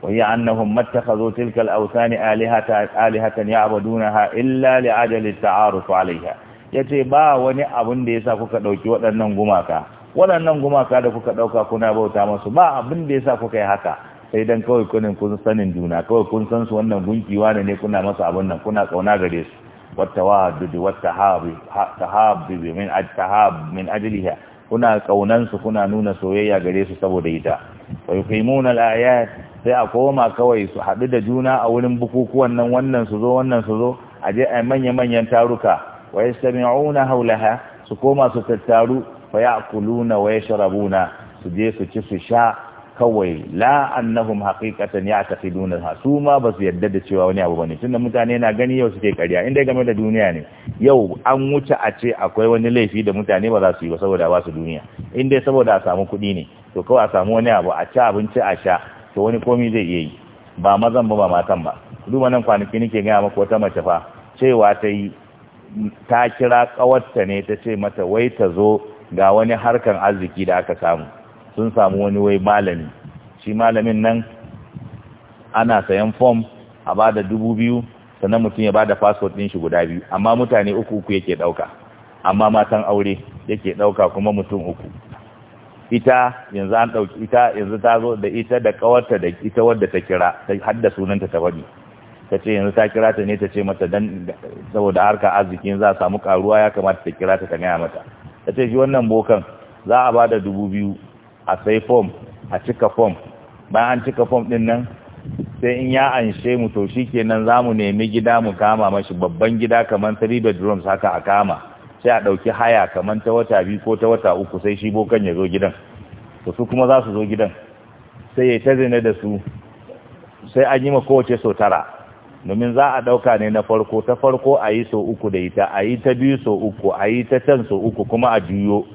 ya annahum ما tilka al-awthani آلهة alihatan ya'budunaha illa li'ajali ta'aruf 'alayha yace ba wani abin da yasa kuka dauki waɗannan gumaka waɗannan gumaka da kuka dauka kuna bauta masu, ba abin da yasa kuka yi haka sai dan kawai kun kun sanin juna kawai kun san su wannan gunkiwa ne kuna masa abin nan kuna kauna gare su والتوادد والتحاب من التحاب من أجلها kuna ƙaunansu kuna nuna soyayya gare su saboda ita wa sai a koma kawai su haɗu da juna a wurin bukukuwan nan wannan su zo wannan su zo a je a manya manyan taruka wa yastami'una haulaha su koma su tattaru fa na wa yashrabuna su je su ci su sha kawai la annahum haqiqatan ya'taqiduna su ma ba su yadda da cewa wani abu bane tunda mutane na gani yau suke kariya inda game da duniya ne yau an wuce a ce akwai wani laifi da mutane ba za su yi ba saboda ba su duniya inda saboda a samu kuɗi ne to kawai a samu wani abu a ci abinci a sha to wani komai zai iya yi ba mazan ba ba matan ba duba nan kwanaki nake gaya maka wata mace fa cewa ta yi ta kira kawarta ne ta ce mata wai ta zo ga wani harkan arziki da aka samu sun samu wani wai malami shi malamin nan ana sayan fom a ba da dubu biyu sannan mutum ya ba da fasfot ɗin shi guda biyu amma mutane uku uku yake ɗauka amma matan aure yake ɗauka kuma mutum uku ita yanzu an ɗauki ita yanzu ta zo da ita da ƙawarta da ita wadda ta kira ta hadda sunanta ta faɗi ta ce yanzu ta kira ta ne ta ce mata dan saboda harka arziki za a samu karuwa ya kamata ta kira ta ta gaya mata ta ce shi wannan bokan za a ba da dubu biyu a sai fom a cika fom bayan an cika fom din nan sai in ya anshe mu to shikenan zamu nemi gida mu kama mashi babban gida kaman 3 bedrooms haka a kama sai a dauki haya kaman ta wata biyu ko ta wata uku sai shi bokan ya zo gidan to su kuma za su zo gidan sai ya tazina da su sai an yi ma kowace sau tara domin za a dauka ne na farko ta farko a yi sau uku da ita a yi ta biyu sau uku a yi ta can sau uku kuma a juyo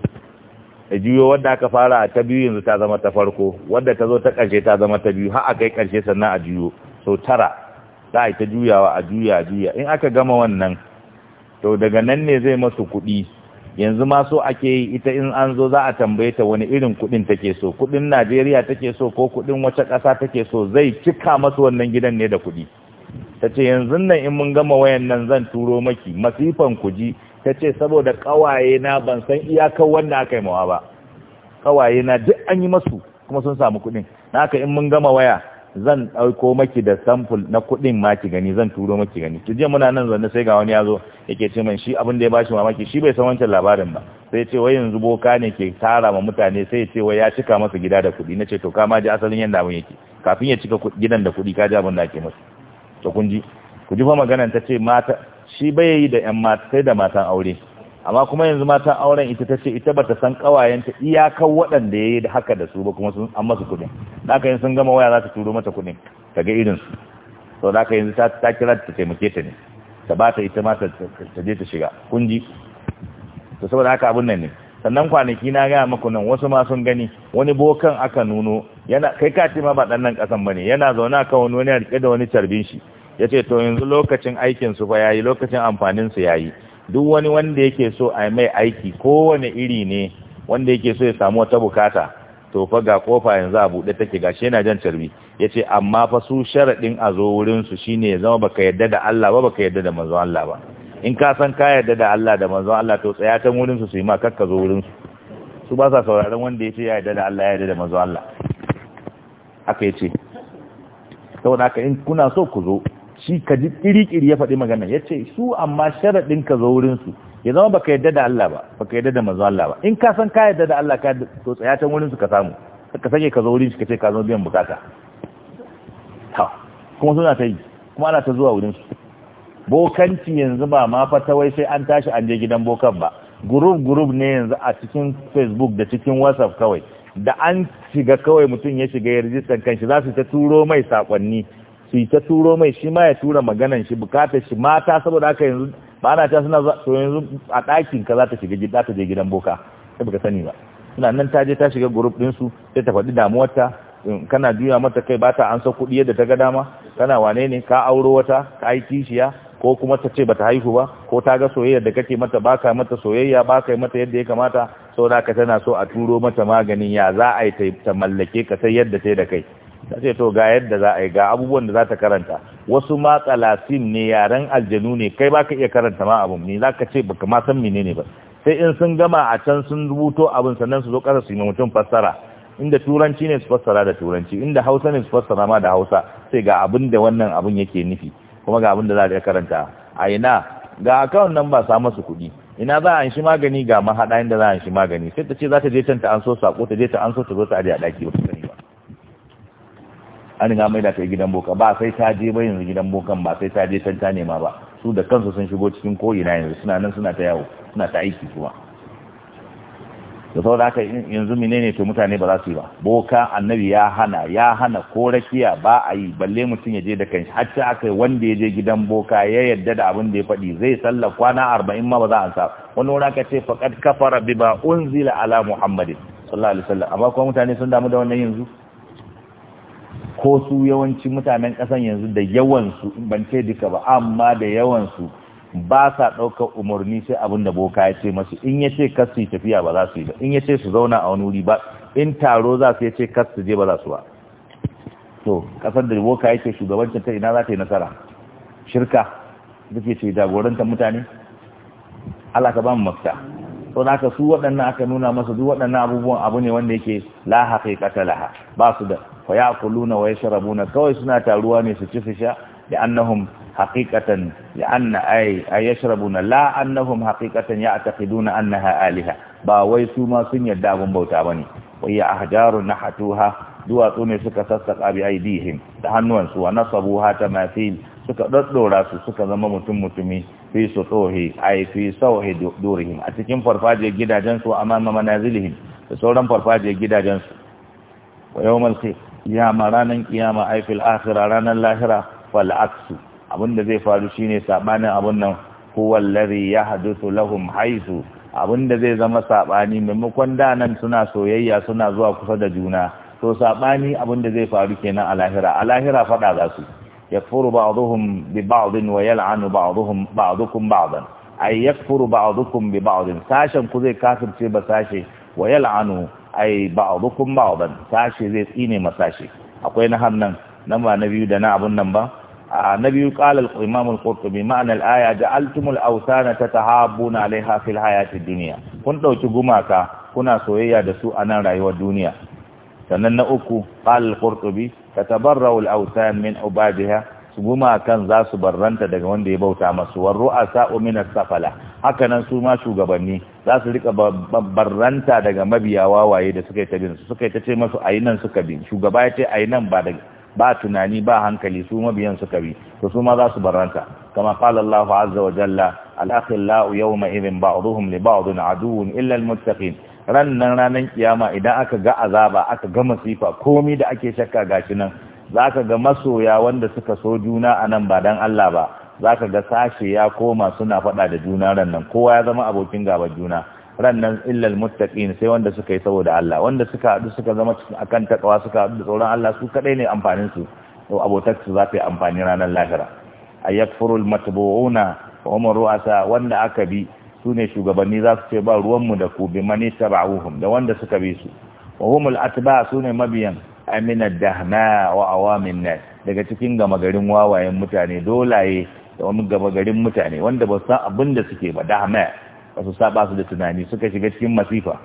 da juyo wadda aka fara a ta biyu yanzu ta zama ta farko wadda ta zo ta ƙarshe ta zama ta biyu har a kai ƙarshe sannan a juyo so tara za a ta juyawa a juya a juya in aka gama wannan to daga nan ne zai masu kuɗi yanzu ma so ake yi ita in an zo za a tambaye ta wani irin kuɗin take so kuɗin najeriya take so ko kuɗin wace ƙasa take so zai cika masu wannan gidan ne da kuɗi ta ce yanzu nan in mun gama wayan nan zan turo maki masifan ku ji ta ce saboda kawaye na ban san iyakar wanda aka yi mawa ba kawaye na duk an yi masu kuma sun samu kuɗin na aka in mun gama waya zan ɗauko maki da samful na kuɗin maki gani zan turo maki gani ki je muna nan zanne sai ga wani ya yake ce min shi abin da ya bashi mamaki shi bai san wancan labarin ba sai ce wai yanzu boka ne ke tara ma mutane sai ce wai ya cika masa gida da kuɗi na ce to ka ma ji asalin yanda abin yake kafin ya cika gidan da kuɗi ka ji abin da ake masa to kun ji ku ji fa maganar ta ce mata shi bai yi da ƴan mata sai da matan aure amma kuma yanzu matan auren ita ta ce ita bata san kawayenta iyakar waɗanda ya yi da haka da su ba kuma sun an masu kuɗin da aka yin sun gama waya za ta turo mata kuɗin ta ga su sau da aka yanzu ta kira ta taimake ta ne ta ba ta ita mata ta je ta shiga kunji to saboda haka abin nan ne sannan kwanaki na gaya maku nan wasu ma sun gani wani bokan aka nuno yana kai ka ce ma ba ɗan nan ƙasan ba ne yana zaune a kan wani wani rike da wani carbin shi ya ce to yanzu lokacin aikinsu fa yayi lokacin amfaninsu yayi duk wani wanda yake so a mai aiki kowane iri ne wanda yake so ya samu wata bukata to fa ga kofa yanzu a buɗe take gashi yana jan carbi ya ce amma fa su sharaɗin a zo wurinsu shi ne ya zama baka yadda da Allah ba baka yadda da manzon Allah ba in ka san ka yadda da Allah da manzon Allah to tsaya can wurinsu su yi ma kakka zo wurinsu su ba sa sauraron wanda ya ce ya yadda da Allah ya yadda da manzon Allah aka yi ce saboda haka in kuna so ku zo shi ka ji ƙirikiri ya faɗi magana ya ce su amma sharaɗin ka zo wurinsu ya zama ba ka yadda da Allah ba ba ka yadda da mazu Allah ba in ka san ka yadda da Allah ka to tsaya can wurinsu ka samu ka sake ka zo wurinsu ka ce ka zo biyan bukata ta kuma suna ta yi kuma ana ta zuwa wurinsu bokanci yanzu ba ma wai sai an tashi an je gidan bokan ba gurub gurub ne yanzu a cikin facebook da cikin whatsapp kawai da an shiga kawai mutum ya shiga ya rijistar kanshi za su ta turo mai sakonni su yi ta turo mai shi ma ya tura maganan shi bukatar shi mata saboda aka yanzu ba na ta suna so yanzu a ɗakin ka za ta shiga gida ta je gidan boka sai baka sani ba suna nan ta je ta shiga group din su sai ta faɗi damuwarta kana juya mata kai ba ta ansa kuɗi yadda ta ga dama kana wane ne ka auro wata ka yi kishiya ko kuma ta ce bata haihu ba ko ta ga soyayya da kake mata baka mata soyayya baka mata yadda ya kamata saboda ka tana so a turo mata maganin ya za a yi ta mallake ka sai yadda ta yi da kai ta ce to ga yadda za a yi ga abubuwan da za ta karanta wasu ma ne yaren aljanu ne kai baka iya karanta ma abun ne za ka ce baka ma san menene ba sai in sun gama a can sun rubuto abin sannan su zo ƙasa su yi mutum fassara inda turanci ne su fassara da turanci inda hausa ne su fassara ma da hausa sai ga abin da wannan abin yake nufi kuma ga abin da za a karanta a ina ga akawun nan ba sa masu kuɗi ina za a shi magani ga mahaɗa inda za a shi magani sai ta ce za ta je can ta an so sako ta je ta an so ta zo ta aje a ɗaki ba su sani ba an ga mai da kai gidan boka ba sai ta je ba yanzu gidan bokan ba sai ta je can ta nema ba su da kansu sun shigo cikin ko'ina yanzu suna nan suna ta yawo suna ta aiki kuma da saboda haka yanzu menene to mutane ba za su yi ba boka annabi ya hana ya hana ko rakiya ba a yi balle mutum ya je da kanshi har ta aka wanda ya je gidan boka ya yadda da abin da ya faɗi zai salla kwana arba'in ma ba za a sa wani wani aka ce faqad kafara bima unzila ala muhammadin sallallahu alaihi wasallam amma kuma mutane sun damu da wannan yanzu ko su yawanci mutanen ƙasan yanzu da yawansu ban ce duka ba amma da yawansu ba sa ɗaukar umarni sai abin da boka ya ce masu in ya ce kasu su yi tafiya ba za su yi ba in ya ce su zauna a wani wuri ba in taro za su ya ce kasu su je ba za su ba to ƙasar da boka ya ce shugabancin ta ina za ta yi nasara shirka duk ya ce jagoranta mutane Allah ka ba mu mafita to da su waɗannan aka nuna masa duk waɗannan abubuwan abu ne wanda yake la haqiqata laha ba su da wa ya'kuluna wa yashrabuna kawai suna taruwa ne su ci su sha da annahum haqiqatan ya anna ay yashrabuna la annahum haqiqatan ya'taqiduna annaha aliha ba wai su ma sun yarda abun bauta bane wa ya ahjarun nahatuha duwatsu ne suka sassaka bi aidihim da hannuwansu wa nasabuha tamathil suka daddora su suka zama mutum mutumi fi sutuhi ay fi sawhi durihim a cikin farfajiyar gidajensu amma manazilihim da sauran farfajiyar gidajensu wa yawmal qiyamah kiyama ranar kiyama ai fil ranar lahira fal'aksu aksu abinda zai faru shine saɓanin abun nan huwa ya yahduthu lahum haisu abinda zai zama saɓani maimakon da nan suna soyayya suna zuwa kusa da juna to sabani abinda zai faru kenan a lahira a lahira faɗa za su yakfuru ba'dhum bi ba'd wa yal'anu ba'dhum ba'dukum ba'dan ay yakfuru ba'dukum bi ba'd sashen ku zai kafirce ba sashe wa yal'anu ai ba'dukum ba'dan sashi zai tsine masashi akwai na hannan nan ba na biyu da na abun nan ba na biyu qala al-imam al-qurtubi ma'ana al-aya ja'altumul awsana tatahabbuna 'alayha fil hayati dunya kun dauki gumaka kuna soyayya da su a nan rayuwar duniya sannan na uku qala al-qurtubi tatabarra'u al min ubadiha su gumakan za su barranta daga wanda ya bauta masu warru'a sa'u min as-safala haka nan su ma shugabanni za su rika barranta daga mabiya wawaye da suka yi ta bin su suka yi ta ce masu ayi suka bi shugaba ya ce ayi nan ba da ba tunani ba hankali su mabiyan suka bi to su ma za su barranta kama kala Allah azza wa jalla al-akhillau yawma irin ba'dhum li ba'dhin aduhun illa al-muttaqin rannan ranar kiyama idan aka ga azaba aka ga masifa komai da ake shakka gashi nan za ka ga masoya wanda suka so juna a nan ba dan Allah ba za ka ga sashe ya koma suna faɗa da juna rannan kowa ya zama abokin gaba juna rannan illal muttaqin sai wanda suka yi saboda Allah wanda suka haɗu suka zama akan takawa suka haɗu da tsoron Allah su kadai ne amfanin su abotar su za ta yi amfani ranar lahira ayyakfurul matbu'una wa umar ru'asa wanda aka bi sune shugabanni za su ce ba ruwan mu da ku bi mani taba'uhum da wanda suka bi su wa humul atba su ne mabiyan aminad dahna wa awamin nas daga cikin gama garin wawayen mutane dolaye wani gaba garin mutane wanda ba san abin da suke ba dama ba su saba su da tunani suka shiga cikin masifa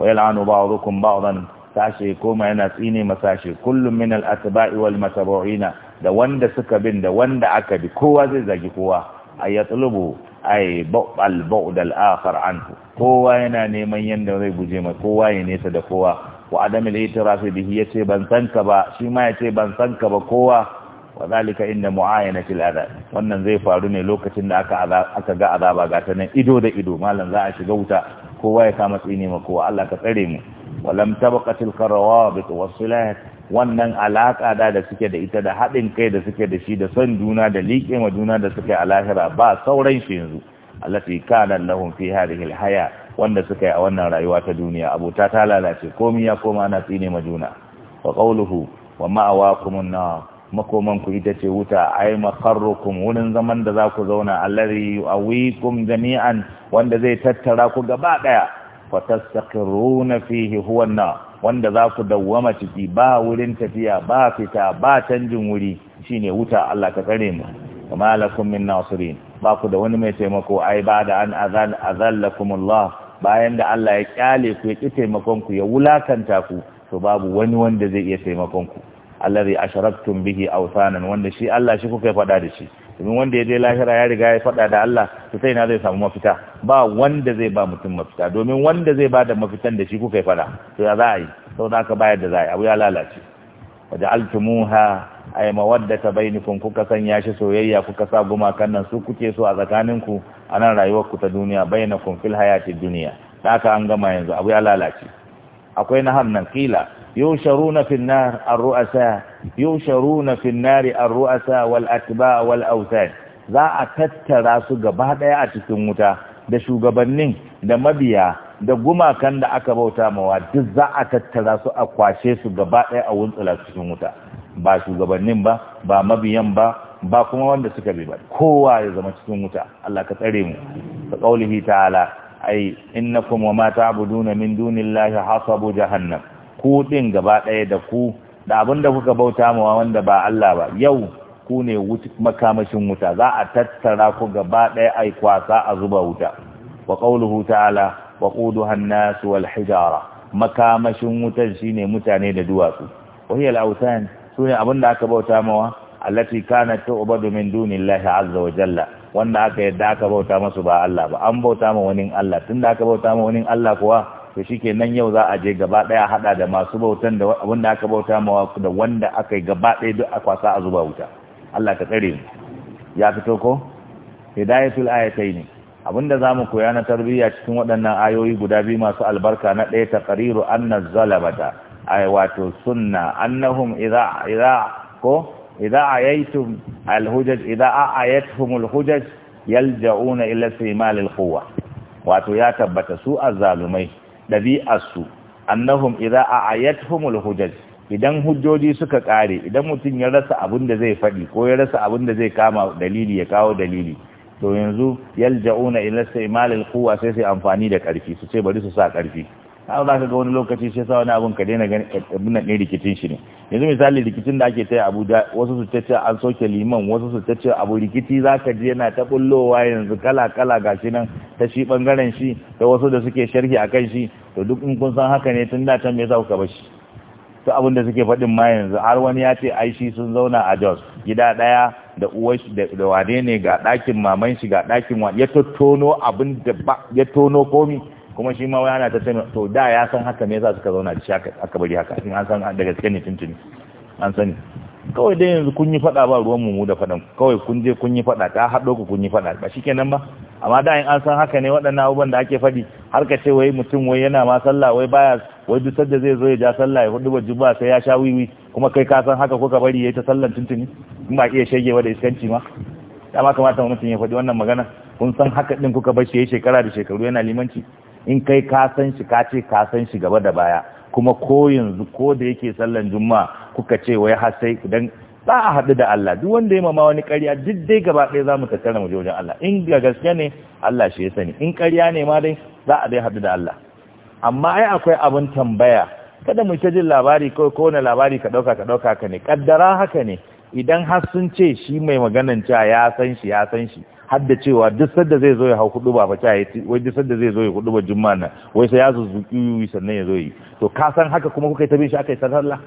wa yal'anu ba'dukum ba'dan sashe koma yana tsine sashe, kullum min al-atba'i wal matabu'ina da wanda suka bin da wanda aka bi kowa zai zagi kowa ay yatlubu ay ba'al ba'd al-akhar anhu kowa yana neman yanda zai guje mai kowa ya nesa da kowa wa adam al-i'tiraf bihi yace ban san ka ba shi ma yace ban san ka ba kowa wa zalika inda mu'ayanati adab wannan zai faru ne lokacin da aka aka ga azaba ga ta nan ido da ido malam za a shiga wuta kowa ya kama tsini ma kowa Allah ka tsare mu walam tabaqatil qarawabit wasilat wannan alaka da da suke da ita da haɗin kai da suke da shi da son juna da liƙe ma juna da suke a lahira ba sauran shi yanzu allati kana lahum fi hadhihi alhaya wanda suke a wannan rayuwa ta duniya abota ta lalace komai ya koma ana tsine ma juna wa qawluhu wa ma'awakumun nar makoman ku ita ce wuta ai makarrukum wurin zaman da za ku zauna allazi yu'awikum jami'an wanda zai tattara ku gaba daya fa tastaqirruna fihi huwa na wanda za ku dawwama ciki ba wurin tafiya ba fita ba canjin wuri shine wuta Allah ka tsare mu kuma lakum min nasirin ba ku da wani mai taimako ai ba da an azal azallakumullah bayan da Allah ya kyale ku ya ki taimakon ku ya wulakanta ku to babu wani wanda zai iya taimakon ku allazi asharaktum bihi awsanan wanda shi Allah shi kuka fada da shi domin wanda ya je lahira ya riga ya fada da Allah to sai na zai samu mafita ba wanda zai ba mutum mafita domin wanda zai ba da mafitan da shi kuka faɗa to ya za a yi saboda aka bayar da za a yi abu ya lalace waja'altumuha ay mawaddata bainakum kuka sanya shi soyayya kuka sa gumakan nan su kuke so a tsakaninku a rayuwar ku ta duniya bainakum fil hayati dunya haka an gama yanzu abu ya lalace akwai na hannan kila yusharuna fi nar ar yusharuna fi nar ar wal atba wal awtad za a tattara su gaba daya a cikin wuta da shugabannin da mabiya da gumakan da aka bauta mawa duk za a tattara su a kwashe su gaba daya a wuntsula cikin wuta ba shugabannin ba ba mabiyan ba ba kuma wanda suka bi ba kowa ya zama cikin wuta Allah ka tsare mu ka qaulihi ta'ala ai innakum wa ma ta'buduna min dunillahi hasabu jahannam ku din gaba da ku da abinda kuka bauta ma wanda ba Allah ba yau ku ne makamashin wuta za a tattara ku gaba ɗaya ai kwasa a zuba wuta wa qawluhu ta'ala wa quduha an-nas wal hijara makamashin wutar shine mutane da duwatsu wa hiya sune abinda aka bauta mawa allati kanat tu'badu min dunillahi azza wa jalla wanda aka yadda aka bauta masu ba Allah ba an bauta ma wani Allah tunda aka bauta ma wani Allah kuwa to shikenan yau za a je gaba daya hada da masu bautan da wanda aka bauta ma da wanda aka yi gaba daya duk akwasa a zuba wuta Allah ka tsare mu ya fito ko hidayatul ayatayn abinda zamu koya na tarbiyya cikin waɗannan ayoyi guda biyu masu albarka na ɗaya taqriru anna zalabata ay wato sunna annahum idha idha ko idza ayaytum alhujaj idza ayatuhum alhujaj yalja'una ila simal alquwa wato ya tabbata su azzalumai dabi'arsu annahum idza ayatuhum alhujaj idan hujjoji suka kare idan mutum ya rasa abin da zai faɗi ko ya rasa abin da zai kama dalili ya kawo dalili to yanzu yalja'una ila simal quwa sai sai amfani da karfi su ce bari su sa karfi har za ka ga wani lokaci shi sa wani abun ka daina gani abin nan rikicin shi ne yanzu misali rikicin da ake taya abuja wasu su tace an soke liman wasu su tace abu rikici za ka ji yana ta bullowa yanzu kala kala gashi nan ta shi bangaren shi da wasu da suke sharhi akan shi to duk in kun san haka ne tun da can me yasa kuka shi to abin da suke faɗin ma yanzu har wani ya ce ai shi sun zauna a jos gida ɗaya da uwar da wane ne ga ɗakin maman shi ga ɗakin wa ya tattono abin da ya tono komi kuma shi ma wai ana ta sani to da ya san haka me yasa suka zauna da shi haka aka bari haka in an san da gaske ne tuntuni an sani kawai dai yanzu kun yi fada ba ruwan mu da fadan kawai kun je kun yi fada ta haɗo ku kun yi fada ba kenan ba amma da in an san haka ne waɗannan abubuwan da ake faɗi har ka ce wai mutum wai yana ma sallah wai baya wai duk sadda zai zo ya ja sallah ya hudu wajibi ba sai ya sha wiwi kuma kai ka san haka ko ka bari yayi ta sallan tuntuni in ba iya shegewa da iskanci ma dama kamata mutum ya faɗi wannan magana kun san haka din kuka bar shi shekara da shekaru yana limanci in kai ka san shi ka ce ka san shi gaba da baya kuma ko yanzu ko da yake sallan juma'a kuka ce wai har sai dan za a haɗu da Allah duk wanda ya mama wani ƙarya duk dai gaba ɗaya za mu tattara mu je wajen Allah in ga gaske ne Allah shi ya sani in ƙarya ne ma dai za a dai haɗu da Allah amma ai akwai abin tambaya kada mu ta jin labari ko na labari ka ɗauka ka ɗauka ka ne kaddara haka ne idan har sun ce shi mai maganan cewa ya san shi ya san shi har da cewa duk sanda zai zo ya hau hudu ba faca ya wai duk sanda zai zo ya hudu ba juma'a na wai sai ya zuzuki yi sannan ya zo yi to ka san haka kuma kuka yi ta bin shi aka yi Allah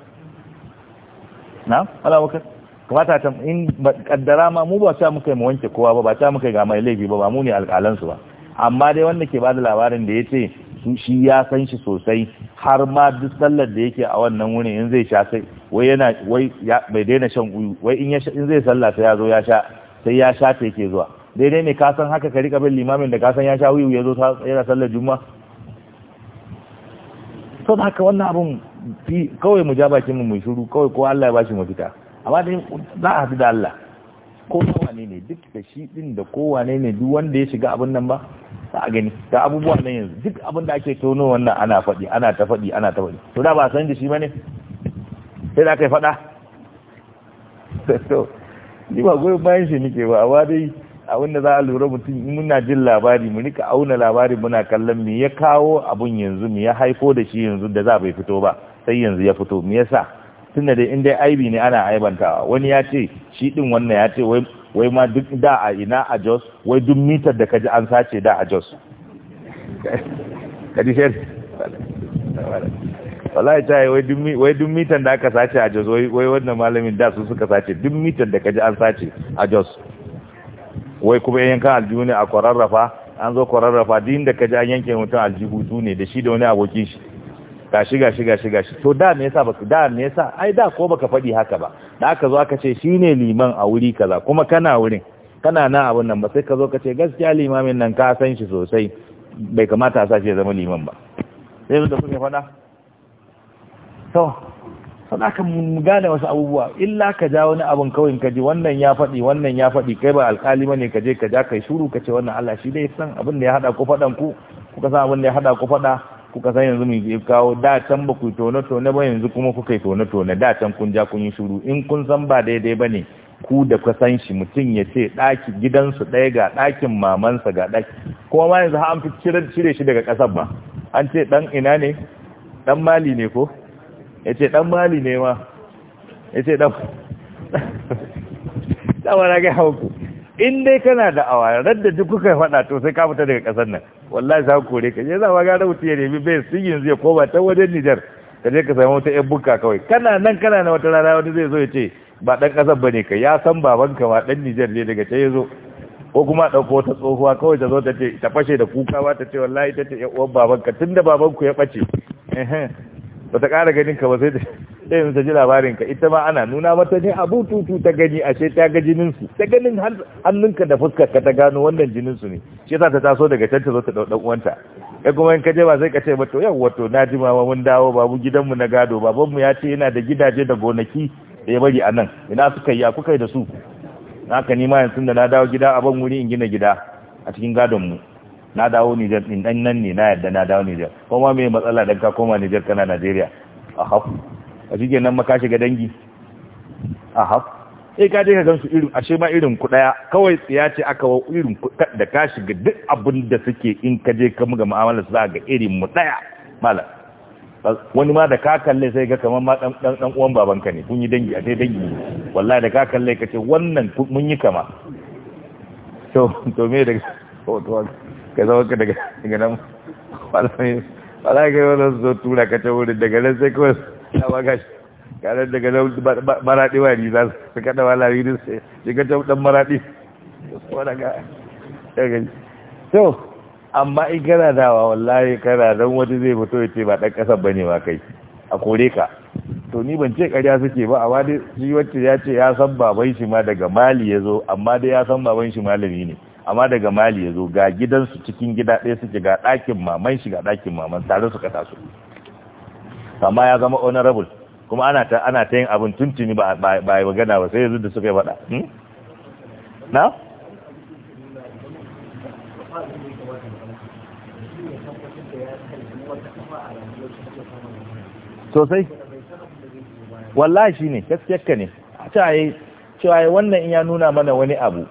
na ala waka kamata ta in kaddara ma mu ba ta muka yi mu wanke kowa ba ba ta muka yi ga mai laifi ba ba mu ne alƙalansu ba amma dai wanda ke bada labarin da ya ce shi ya san shi sosai har ma duk sallar da yake a wannan wuri in zai sha sai wai yana wai bai daina shan uyu wai in zai sallah sai ya zo ya sha sai ya sha ta yake zuwa daidai ne ka san haka ka rika bin limamin da ka san ya sha wuyu ya zo yana sallar juma? to da haka wannan abun kawai mu ja bakin mu mu shuru kawai ko Allah ya bashi mafita amma dai za a haɗu da Allah ko wane ne duk da shi din da kowane ne duk wanda ya shiga abin nan ba za a gani da abubuwa nan yanzu duk abin da ake tono wannan ana faɗi ana ta faɗi ana ta faɗi to da ba san da shi bane sai da kai faɗa to ni ba goyon bayan shi nike ba amma dai abinda za a lura mutum muna jin labari mu rika auna labari muna kallon me ya kawo abun yanzu me ya haifo da shi yanzu da za bai fito ba sai yanzu ya fito me yasa tunda da inda aibi ne ana aibantawa wani ya ce shi din wannan ya ce wai ma duk da a ina a Jos wai duk mitar da kaji an sace da a Jos wallahi ta yi wai duk mitan da aka sace a Jos wai wannan malamin da su suka sace duk mitan da kaji an sace a Jos wai kuma yankan aljihu ne a kwararrafa an zo kwararrafa din da ka ji an yanke mutum aljihu su ne da shi da wani abokin shi shiga shiga shiga shi to da me yasa da me yasa ai da ko baka faɗi haka ba da aka zo aka ce shine liman a wuri kaza kuma kana wurin kana na abun nan ba sai ka zo ka ce gaskiya limamin nan ka san shi sosai bai kamata a ya zama liman ba sai zo da kuke faɗa to sadaka mun gane wasu abubuwa illa ka ja wani abun kawai ka ji wannan ya faɗi wannan ya faɗi kai ba alƙali bane ka je ka ja kai shuru ka ce wannan Allah shi dai san abin da ya hada ku faɗan ku kuka san abin da ya hada ku faɗa kuka san yanzu mun kawo da can ba ku tona tona ba yanzu kuma kuka yi tona tona da can kun ja kun yi shuru in kun san ba daidai bane ku da ka san shi mutum ya ce ɗaki gidansu ɗaya ga dakin mamansa ga ɗaki kuma ma yanzu an fi cire shi daga ƙasar ba an ce ɗan ina ne ɗan mali ne ko ya ce ɗan mali ne ma ya ce ɗan na ga hauku in dai kana da awarar da duk kuka faɗa to sai ka fita daga ƙasar nan wallahi za kore ka je za ma gara mutum ya nemi bai sun yanzu ya koma ta wajen nijar ka je ka samu wata yan buka kawai kana nan kana na wata rana wani zai zo ya ce ba dan ƙasar ba ne ka ya san babanka ma ɗan nijar ne daga ta ya zo ko kuma ɗauko wata tsohuwa kawai ta zo ta ce ta fashe da kuka ba ta ce wallahi ta ce uwan babanka tun da babanku ya ɓace ba ta ƙara ganin ka ba sai da yanzu ta ji labarin ka ita ma ana nuna mata ne abu tutu ta gani ashe ta ga jinin ta ganin hannunka da fuskar ka ta gano wannan jininsu ne shi ta taso daga can ta zo ta dau uwanta ya kuma in ka ba sai ka ce ba to yau wato na ji ma mun dawo babu gidanmu na gado babanmu ya ce yana da gidaje da gonaki da ya bari a nan ina suka yi a da su haka ni ma yanzu da na dawo gida a ban wuri in gina gida a cikin gadonmu na dawo Nijar din dan nan ne na yadda na dawo Nijar ma me matsala dan ka koma Nijar kana Najeriya a haf a cikin nan maka shiga dangi a haf eh ka je ka gansu irin ashe ma irin ku daya kawai tsiya ce aka wa irin ku da ka shiga duk abin da suke in ka je ka muga mu'amala su ga irin mu daya malam wani ma da ka kalle sai ga kamar ma dan uwan babanka ne kun yi dangi a dai dangi wallahi da ka kalle ka ce wannan mun yi kama to to me da to ka zama ka daga nan wala ba za ka yi wani zo tura ka can wurin daga nan sai kawai na baka shi kanar daga nan maraɗi wa ni za su kada malami ne sai shiga can ɗan maraɗi to amma in kana dawa wallahi kana dan wani zai fito ya ce ba ɗan ƙasar ba ne ma kai a kore ka to ni ban ce ƙarya suke ba amma dai shi wacce ya ce ya san baban shi ma daga mali ya zo amma dai ya san baban shi malami ne amma daga mali ya zo ga gidansu cikin gida ɗaya suke ga ɗakin maman shi ga ɗakin maman tare suka taso amma ya zama honorable kuma ana ta yin abin tuntuni ba ba gana ba sai yanzu da suka yi faɗa hmm? na sosai wallahi shine gaskiyar ka ne ta yi wannan in ya nuna mana wani abu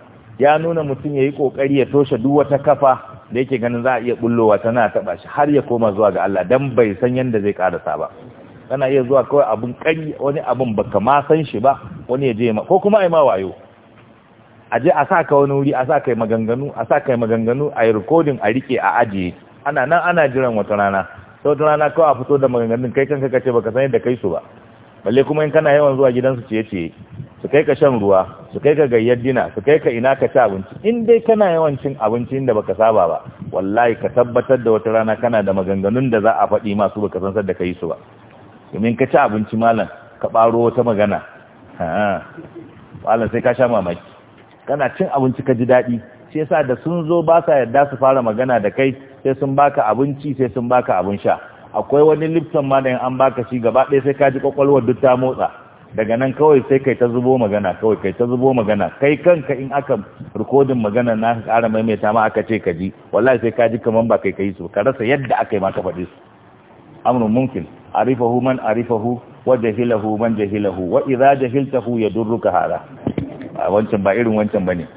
ya nuna mutum ya yi ƙoƙari ya toshe duk wata kafa da yake ganin za a iya bullowa tana taɓa shi har ya koma zuwa ga Allah dan bai san yadda zai ƙarasa ba tana iya zuwa kawai abin ƙari wani abin baka ma san shi ba wani ya je ma ko kuma ai ma wayo a je a sa wani wuri a sa kai maganganu a sa maganganu a yi rikodin a rike a ajiye ana nan ana jiran wata rana to wata rana kawai a fito da maganganun kai kanka kace baka san yadda kai su ba balle kuma in kana yawan zuwa gidansu ciye-ciye su kai ka shan ruwa su kai ka gayyar dina su kai ka ina ka ci abinci in dai kana yawancin abincin da baka saba ba wallahi ka tabbatar da wata rana kana da maganganun da za a faɗi masu baka san sadda ka yi su ba domin ka ci abinci malam ka ɓaro wata magana malam sai ka sha mamaki kana cin abinci ka ji daɗi shi yasa da sun zo ba sa yarda su fara magana da kai sai sun baka abinci sai sun baka abin sha akwai wani lipton ma da an baka shi gaba ɗaya sai ka ji kwakwalwar duk ta motsa daga nan kawai sai kai ta zubo magana kawai kai ta zubo magana kai kanka in aka rikodin magana na ƙara maimaita ma aka ce ka ji wallahi sai ka ji kaman ba kai kai su ka rasa yadda aka yi ma ka faɗi su amrun mumkin arifahu man arifahu wa jahilahu man jahilahu wa idza jahiltahu yadurruka hada wancan ba irin wancan bane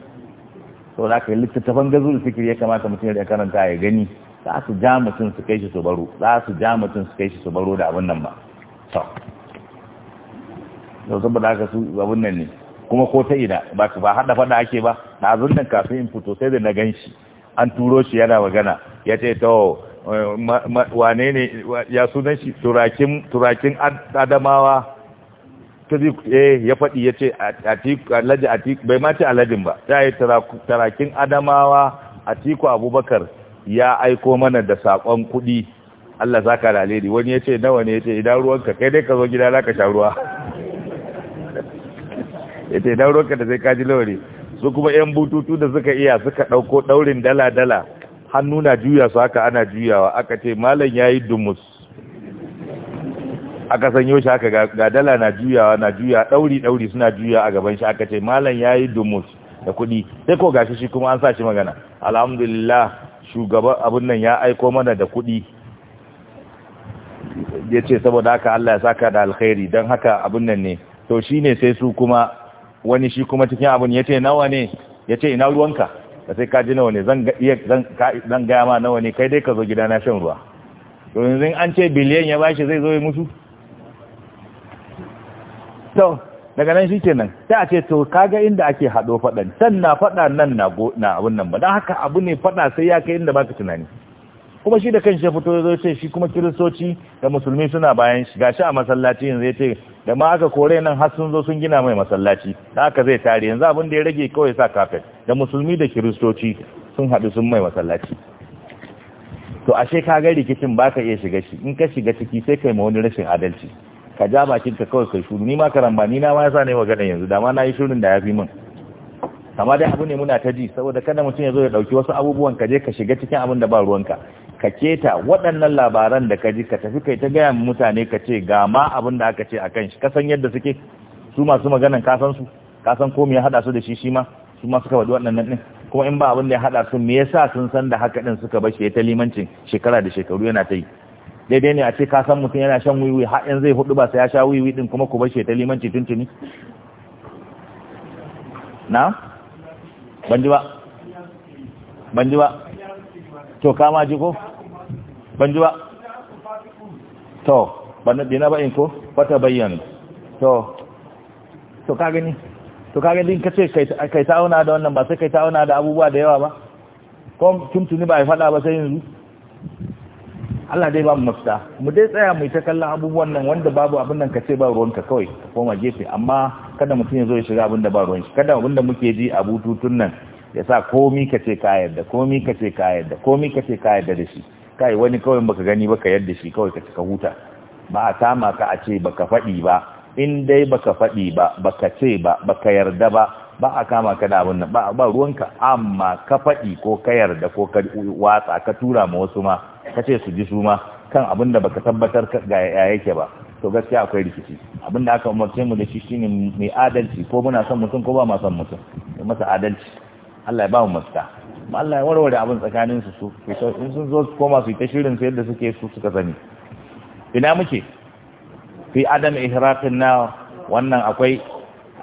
to da ka littattafan gazul fikiri ya kamata mutum ya karanta ya gani za su ja mutum su kai shi su baro za su ja mutum su kai shi su baro da abin nan ba to da bada haka su abin nan ne kuma ko ta ina ba ba hada fada ake ba na azun nan kafin in fito sai da na gan shi an turo shi yana magana ya ce to wane ne ya sunan shi turakin adamawa ta zai eh ya faɗi ya ce atiku bai ma ce ba ta yi turakin adamawa atiku abubakar ya aiko mana da saƙon kuɗi Allah zaka da alheri wani ya ce nawa ne ya ce idan ruwanka kai dai ka zo gida za ka sha ruwa ya ce dan da sai ka ji lawari su kuma yan bututu da suka iya suka ɗauko ɗaurin dala-dala hannu na juya su haka ana juyawa aka ce malam ya yi dumus aka sanyo shi haka ga dala na juyawa na juya ɗauri-ɗauri suna juya a gaban shi aka ce malam ya yi dumus da kuɗi sai ko gashi shi kuma an sa shi magana alhamdulillah shugaban abin nan ya aiko mana da kuɗi ya ce saboda haka Allah ya saka da alkhairi don haka abin nan ne to shine sai su kuma wani shi kuma cikin abin ya ce nawa ne ya ce ina ruwanka da sai ka nawa ne zan gaya ma nawa ne kai dai ka zo gida na shan ruwa to yanzu an ce biliyan ya bashi zai zo ya mutu to daga nan shi kenan sai a ce to kaga inda ake haɗo faɗan can na faɗa nan na abun nan ba don haka abu ne faɗa sai ya kai inda baka tunani kuma shi da kanshi ya fito zai ce shi kuma kiristoci da musulmi suna bayan shi gashi a masallaci yanzu ya ce da ma aka kore nan har sun zo sun gina mai masallaci da aka zai tare yanzu abin da ya rage kawai sa kafet da musulmi da kiristoci sun haɗu sun mai masallaci to ashe ka ga rikicin ba ka iya shiga shi in ka shiga ciki sai kai ma wani rashin adalci ka ja bakin ka kawai kai shuru ni ma karamba ni na ma yasa ne magana yanzu dama ma na yi shirin da ya fi min amma dai abu ne muna ta ji saboda kada mutum ya zo ya dauki wasu abubuwan ka je ka shiga cikin abin da ba ruwanka ka keta waɗannan labaran da ka ji ka tafi kai ta gaya mutane ka ce ga ma abin da aka ce a kan shi kasan yadda suke su masu maganan kasan su kasan ko ya haɗa su da shi shi ma su ma suka faɗi waɗannan ɗin kuma in ba abin da ya haɗa su me yasa sun san da haka ɗin suka bashi ya ta limancin shekara da shekaru yana ta yi daidai ne a ce ka san mutum yana shan wiwi har yanzu zai hudu ba sai ya sha wiwi din kuma ku bashi ta limancin tuntuni na ban ji ba ban ji ba to kama ji ko ban ji ba to ban da na ba in ko fata bayyana to to ka gani to ka gani kace ce kai ta auna da wannan ba sai kai ta auna da abubuwa da yawa ba ko tuntuni ba ya fada ba sai yanzu Allah dai ba mu mafita mu dai tsaya mu ta kallon abubuwan nan wanda babu abin nan ka ce ba ruwanka kawai ka koma gefe amma kada mutum ya zo ya shiga abin da ba ruwan shi kada abin da muke ji a bututun nan ya sa komi ka ce ka yarda komi ka ce ka yarda komi ka ce ka yarda da shi kai wani kawai baka gani baka yadda shi kawai ka taka huta ba a kama ka a ce baka faɗi ba in dai baka faɗi ba baka ce ba baka yarda ba ba a kama ka da abin nan ba ba ruwanka amma ka faɗi ko ka yarda ko ka watsa ka tura ma wasu ma ka ce su ji su ma kan abin da baka tabbatar ga ya yake ba to gaskiya akwai rikici abin da aka umarce mu da shi shine mai adalci ko muna son mutum ko ba ma son mutum masa adalci Allah ya ba mu masta kuma Allah ya warware abin tsakanin su su in sun zo su koma su yi ta shirin su yadda suke su suka sani ina muke fi adam ihraqin nar wannan akwai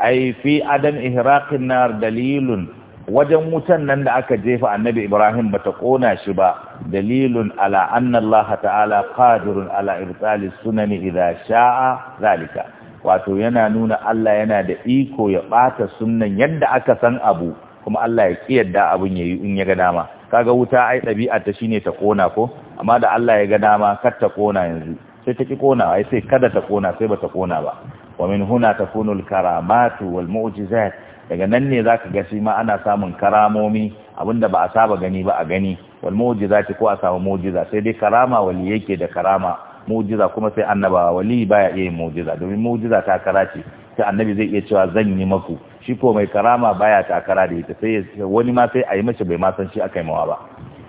ai fi adam ihraqin nar dalilun wajen wutan nan da aka jefa annabi Ibrahim bata kona shi ba dalilun ala anna Allah ta'ala qadirun ala ibtali sunani idza sha'a zalika wato yana nuna Allah yana da iko ya bata sunnan yadda aka san abu kuma Allah ya kiyarda abin yayi in ya ga dama kaga wuta ai ɗabi'a ta shine ta kona ko amma da Allah ya ga dama kar ta kona yanzu sai ta ki kona ai sai kada ta kona sai ba ta kona ba wa min huna takunul karamatu wal mu'jizat daga nan ne zaka ga shi ma ana samun karamomi abinda ba a saba gani ba a gani wal mu'jizat ko a samu mu'jiza sai dai karama wali yake da karama mu'jiza kuma sai annabawa wali baya iya yin mu'jiza domin mu'jiza ta karace sai annabi zai iya cewa zan yi maku shi ko mai karama baya takara da ita sai wani ma sai a yi mace bai ma san shi aka yi mawa ba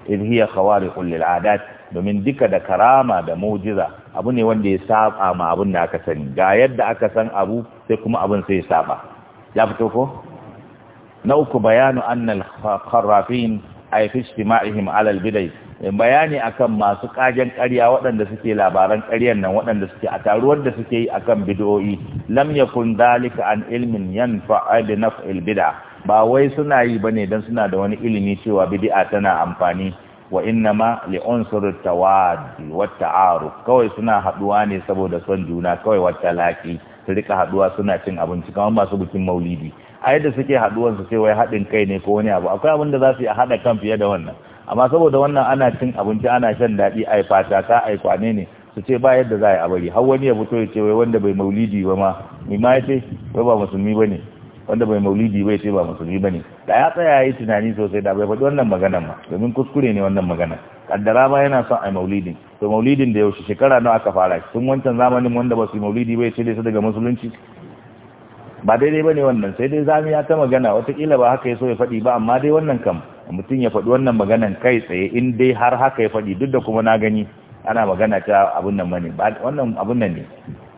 in hiya khawariqul lil adat domin duka da karama da mujiza abu ne wanda ya saba ma abin da aka sani ga yadda aka san abu sai kuma abun sai ya saba ya fito ko na uku bayanu annal kharrafin ay fi istima'ihim ala al bidai bayani akan masu kagen ƙarya waɗanda suke labaran ƙaryar nan waɗanda suke a taruwar da suke yi akan bid'o'i lam yakun dalika an ilmin yanfa'a bi naf'il bid'a ba wai suna yi bane dan suna da wani ilimi cewa bid'a tana amfani wa innama li unsur tawad wa ta'aruf kawai suna haduwa ne saboda son juna kawai wata laki su rika haduwa suna cin abinci kamar masu bikin maulidi a yadda suke haduwan su sai wai haɗin kai ne ko wani abu akwai abin da za su yi a haɗa kan fiye da wannan amma saboda wannan ana cin abinci ana shan daɗi ai fata ta ai kwane ne su ce ba yadda za a yi a bari har wani ya fito ya ce wai wanda bai maulidi ba ma mai ma ya ce wai ba musulmi ba ne wanda bai maulidi bai ce ba musulmi ba ne da ya tsaya ya yi tunani sosai da bai faɗi wannan magana ma domin kuskure ne wannan magana kaddara ma yana son a maulidin to maulidin da yaushe shekara nawa aka fara shi tun wancan zamanin wanda ba su maulidi bai ce dai su daga musulunci ba daidai ba ne wannan sai dai zami ya ta magana watakila ba haka ya so ya faɗi ba amma dai wannan kam mutum ya faɗi wannan maganan kai tsaye in dai har haka ya faɗi duk da kuma na gani ana magana ta abun nan bane wannan abun nan ne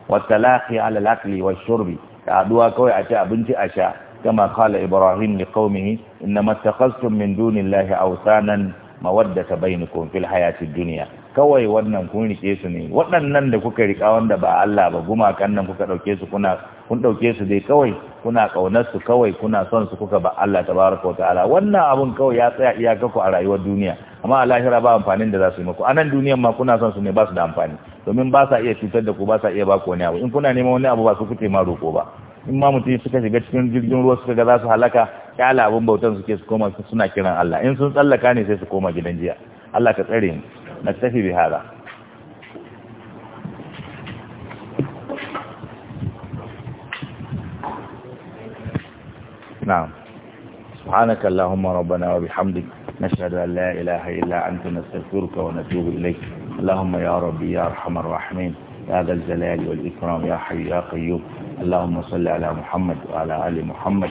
watalaqi ala al-akli shurbi kawai a ci abinci a sha kama qala ibrahim li qaumihi inna takhastum min dunillahi awsanan mawaddata bainakum fil hayatid dunya kawai wannan kun rike su ne waɗannan da kuka rika wanda ba Allah ba gumakan nan kuka ɗauke su kuna kun ɗauke su dai kawai kuna ƙaunar su kawai kuna son su kuka ba Allah tabaraka ta'ala wannan abun kawai ya tsaya iyaka ku a rayuwar duniya amma a lahira ba amfanin da za su yi muku anan duniyan ma kuna son su ne ba su da amfani domin ba sa iya cutar da ku ba sa iya ba ku wani abu in kuna neman wani abu ba su kuke ma roƙo ba in ma mutum suka shiga cikin jirgin ruwa suka ga za su halaka kyala abun bautan suke su koma suna kiran Allah in sun tsallaka ne sai su koma gidan jiya Allah ka tsare ni نكتفي بهذا نعم سبحانك اللهم ربنا وبحمدك نشهد أن لا إله إلا أنت نستغفرك ونتوب إليك اللهم يا ربي يا أرحم الراحمين يا ذا الجلال والإكرام يا حي يا قيوم اللهم صل على محمد وعلى آل محمد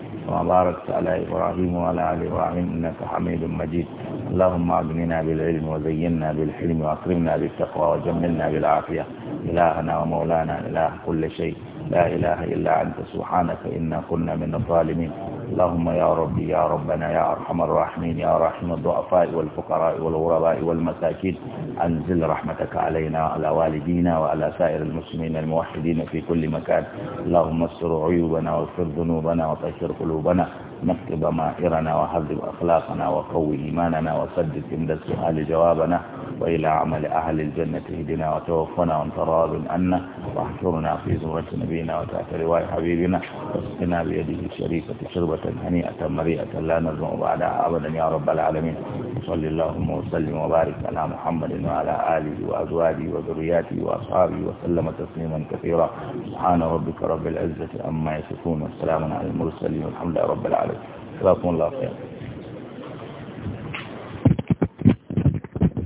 وباركت على إبراهيم وعلى آل إبراهيم إنك حميد مجيد اللهم أغننا بالعلم وزينا بالحلم وأكرمنا بالتقوى وجملنا بالعافية إلهنا ومولانا إله كل شيء لا إله إلا أنت سبحانك إنا كنا من الظالمين اللهم يا ربي يا ربنا يا أرحم الراحمين يا رحم الضعفاء والفقراء والغرباء والمساكين أنزل رحمتك علينا وعلى والدينا وعلى سائر المسلمين الموحدين في كل مكان اللهم استر عيوبنا واغفر ذنوبنا وطهر قلوبنا tsoro bana نكتب ضمائرنا وحذب أخلاقنا وقوي إيماننا وسدد عند السؤال جوابنا وإلى عمل أهل الجنة اهدنا وتوفنا وانت راض عنا واحشرنا في زمرة نبينا وتحت رواية حبيبنا واسقنا بيده الشريفة شربة هنيئة مريئة لا نزمع بعدها أبدا يا رب العالمين صلى اللهم وسلم وبارك على محمد وعلى آله وأزواجه وذرياته وأصحابه وسلم تسليما كثيرا سبحان ربك رب العزة أما يصفون والسلام على المرسلين والحمد لله رب العالمين rẹ̀ lọ́kùnrin lọ́fẹ̀ẹ́.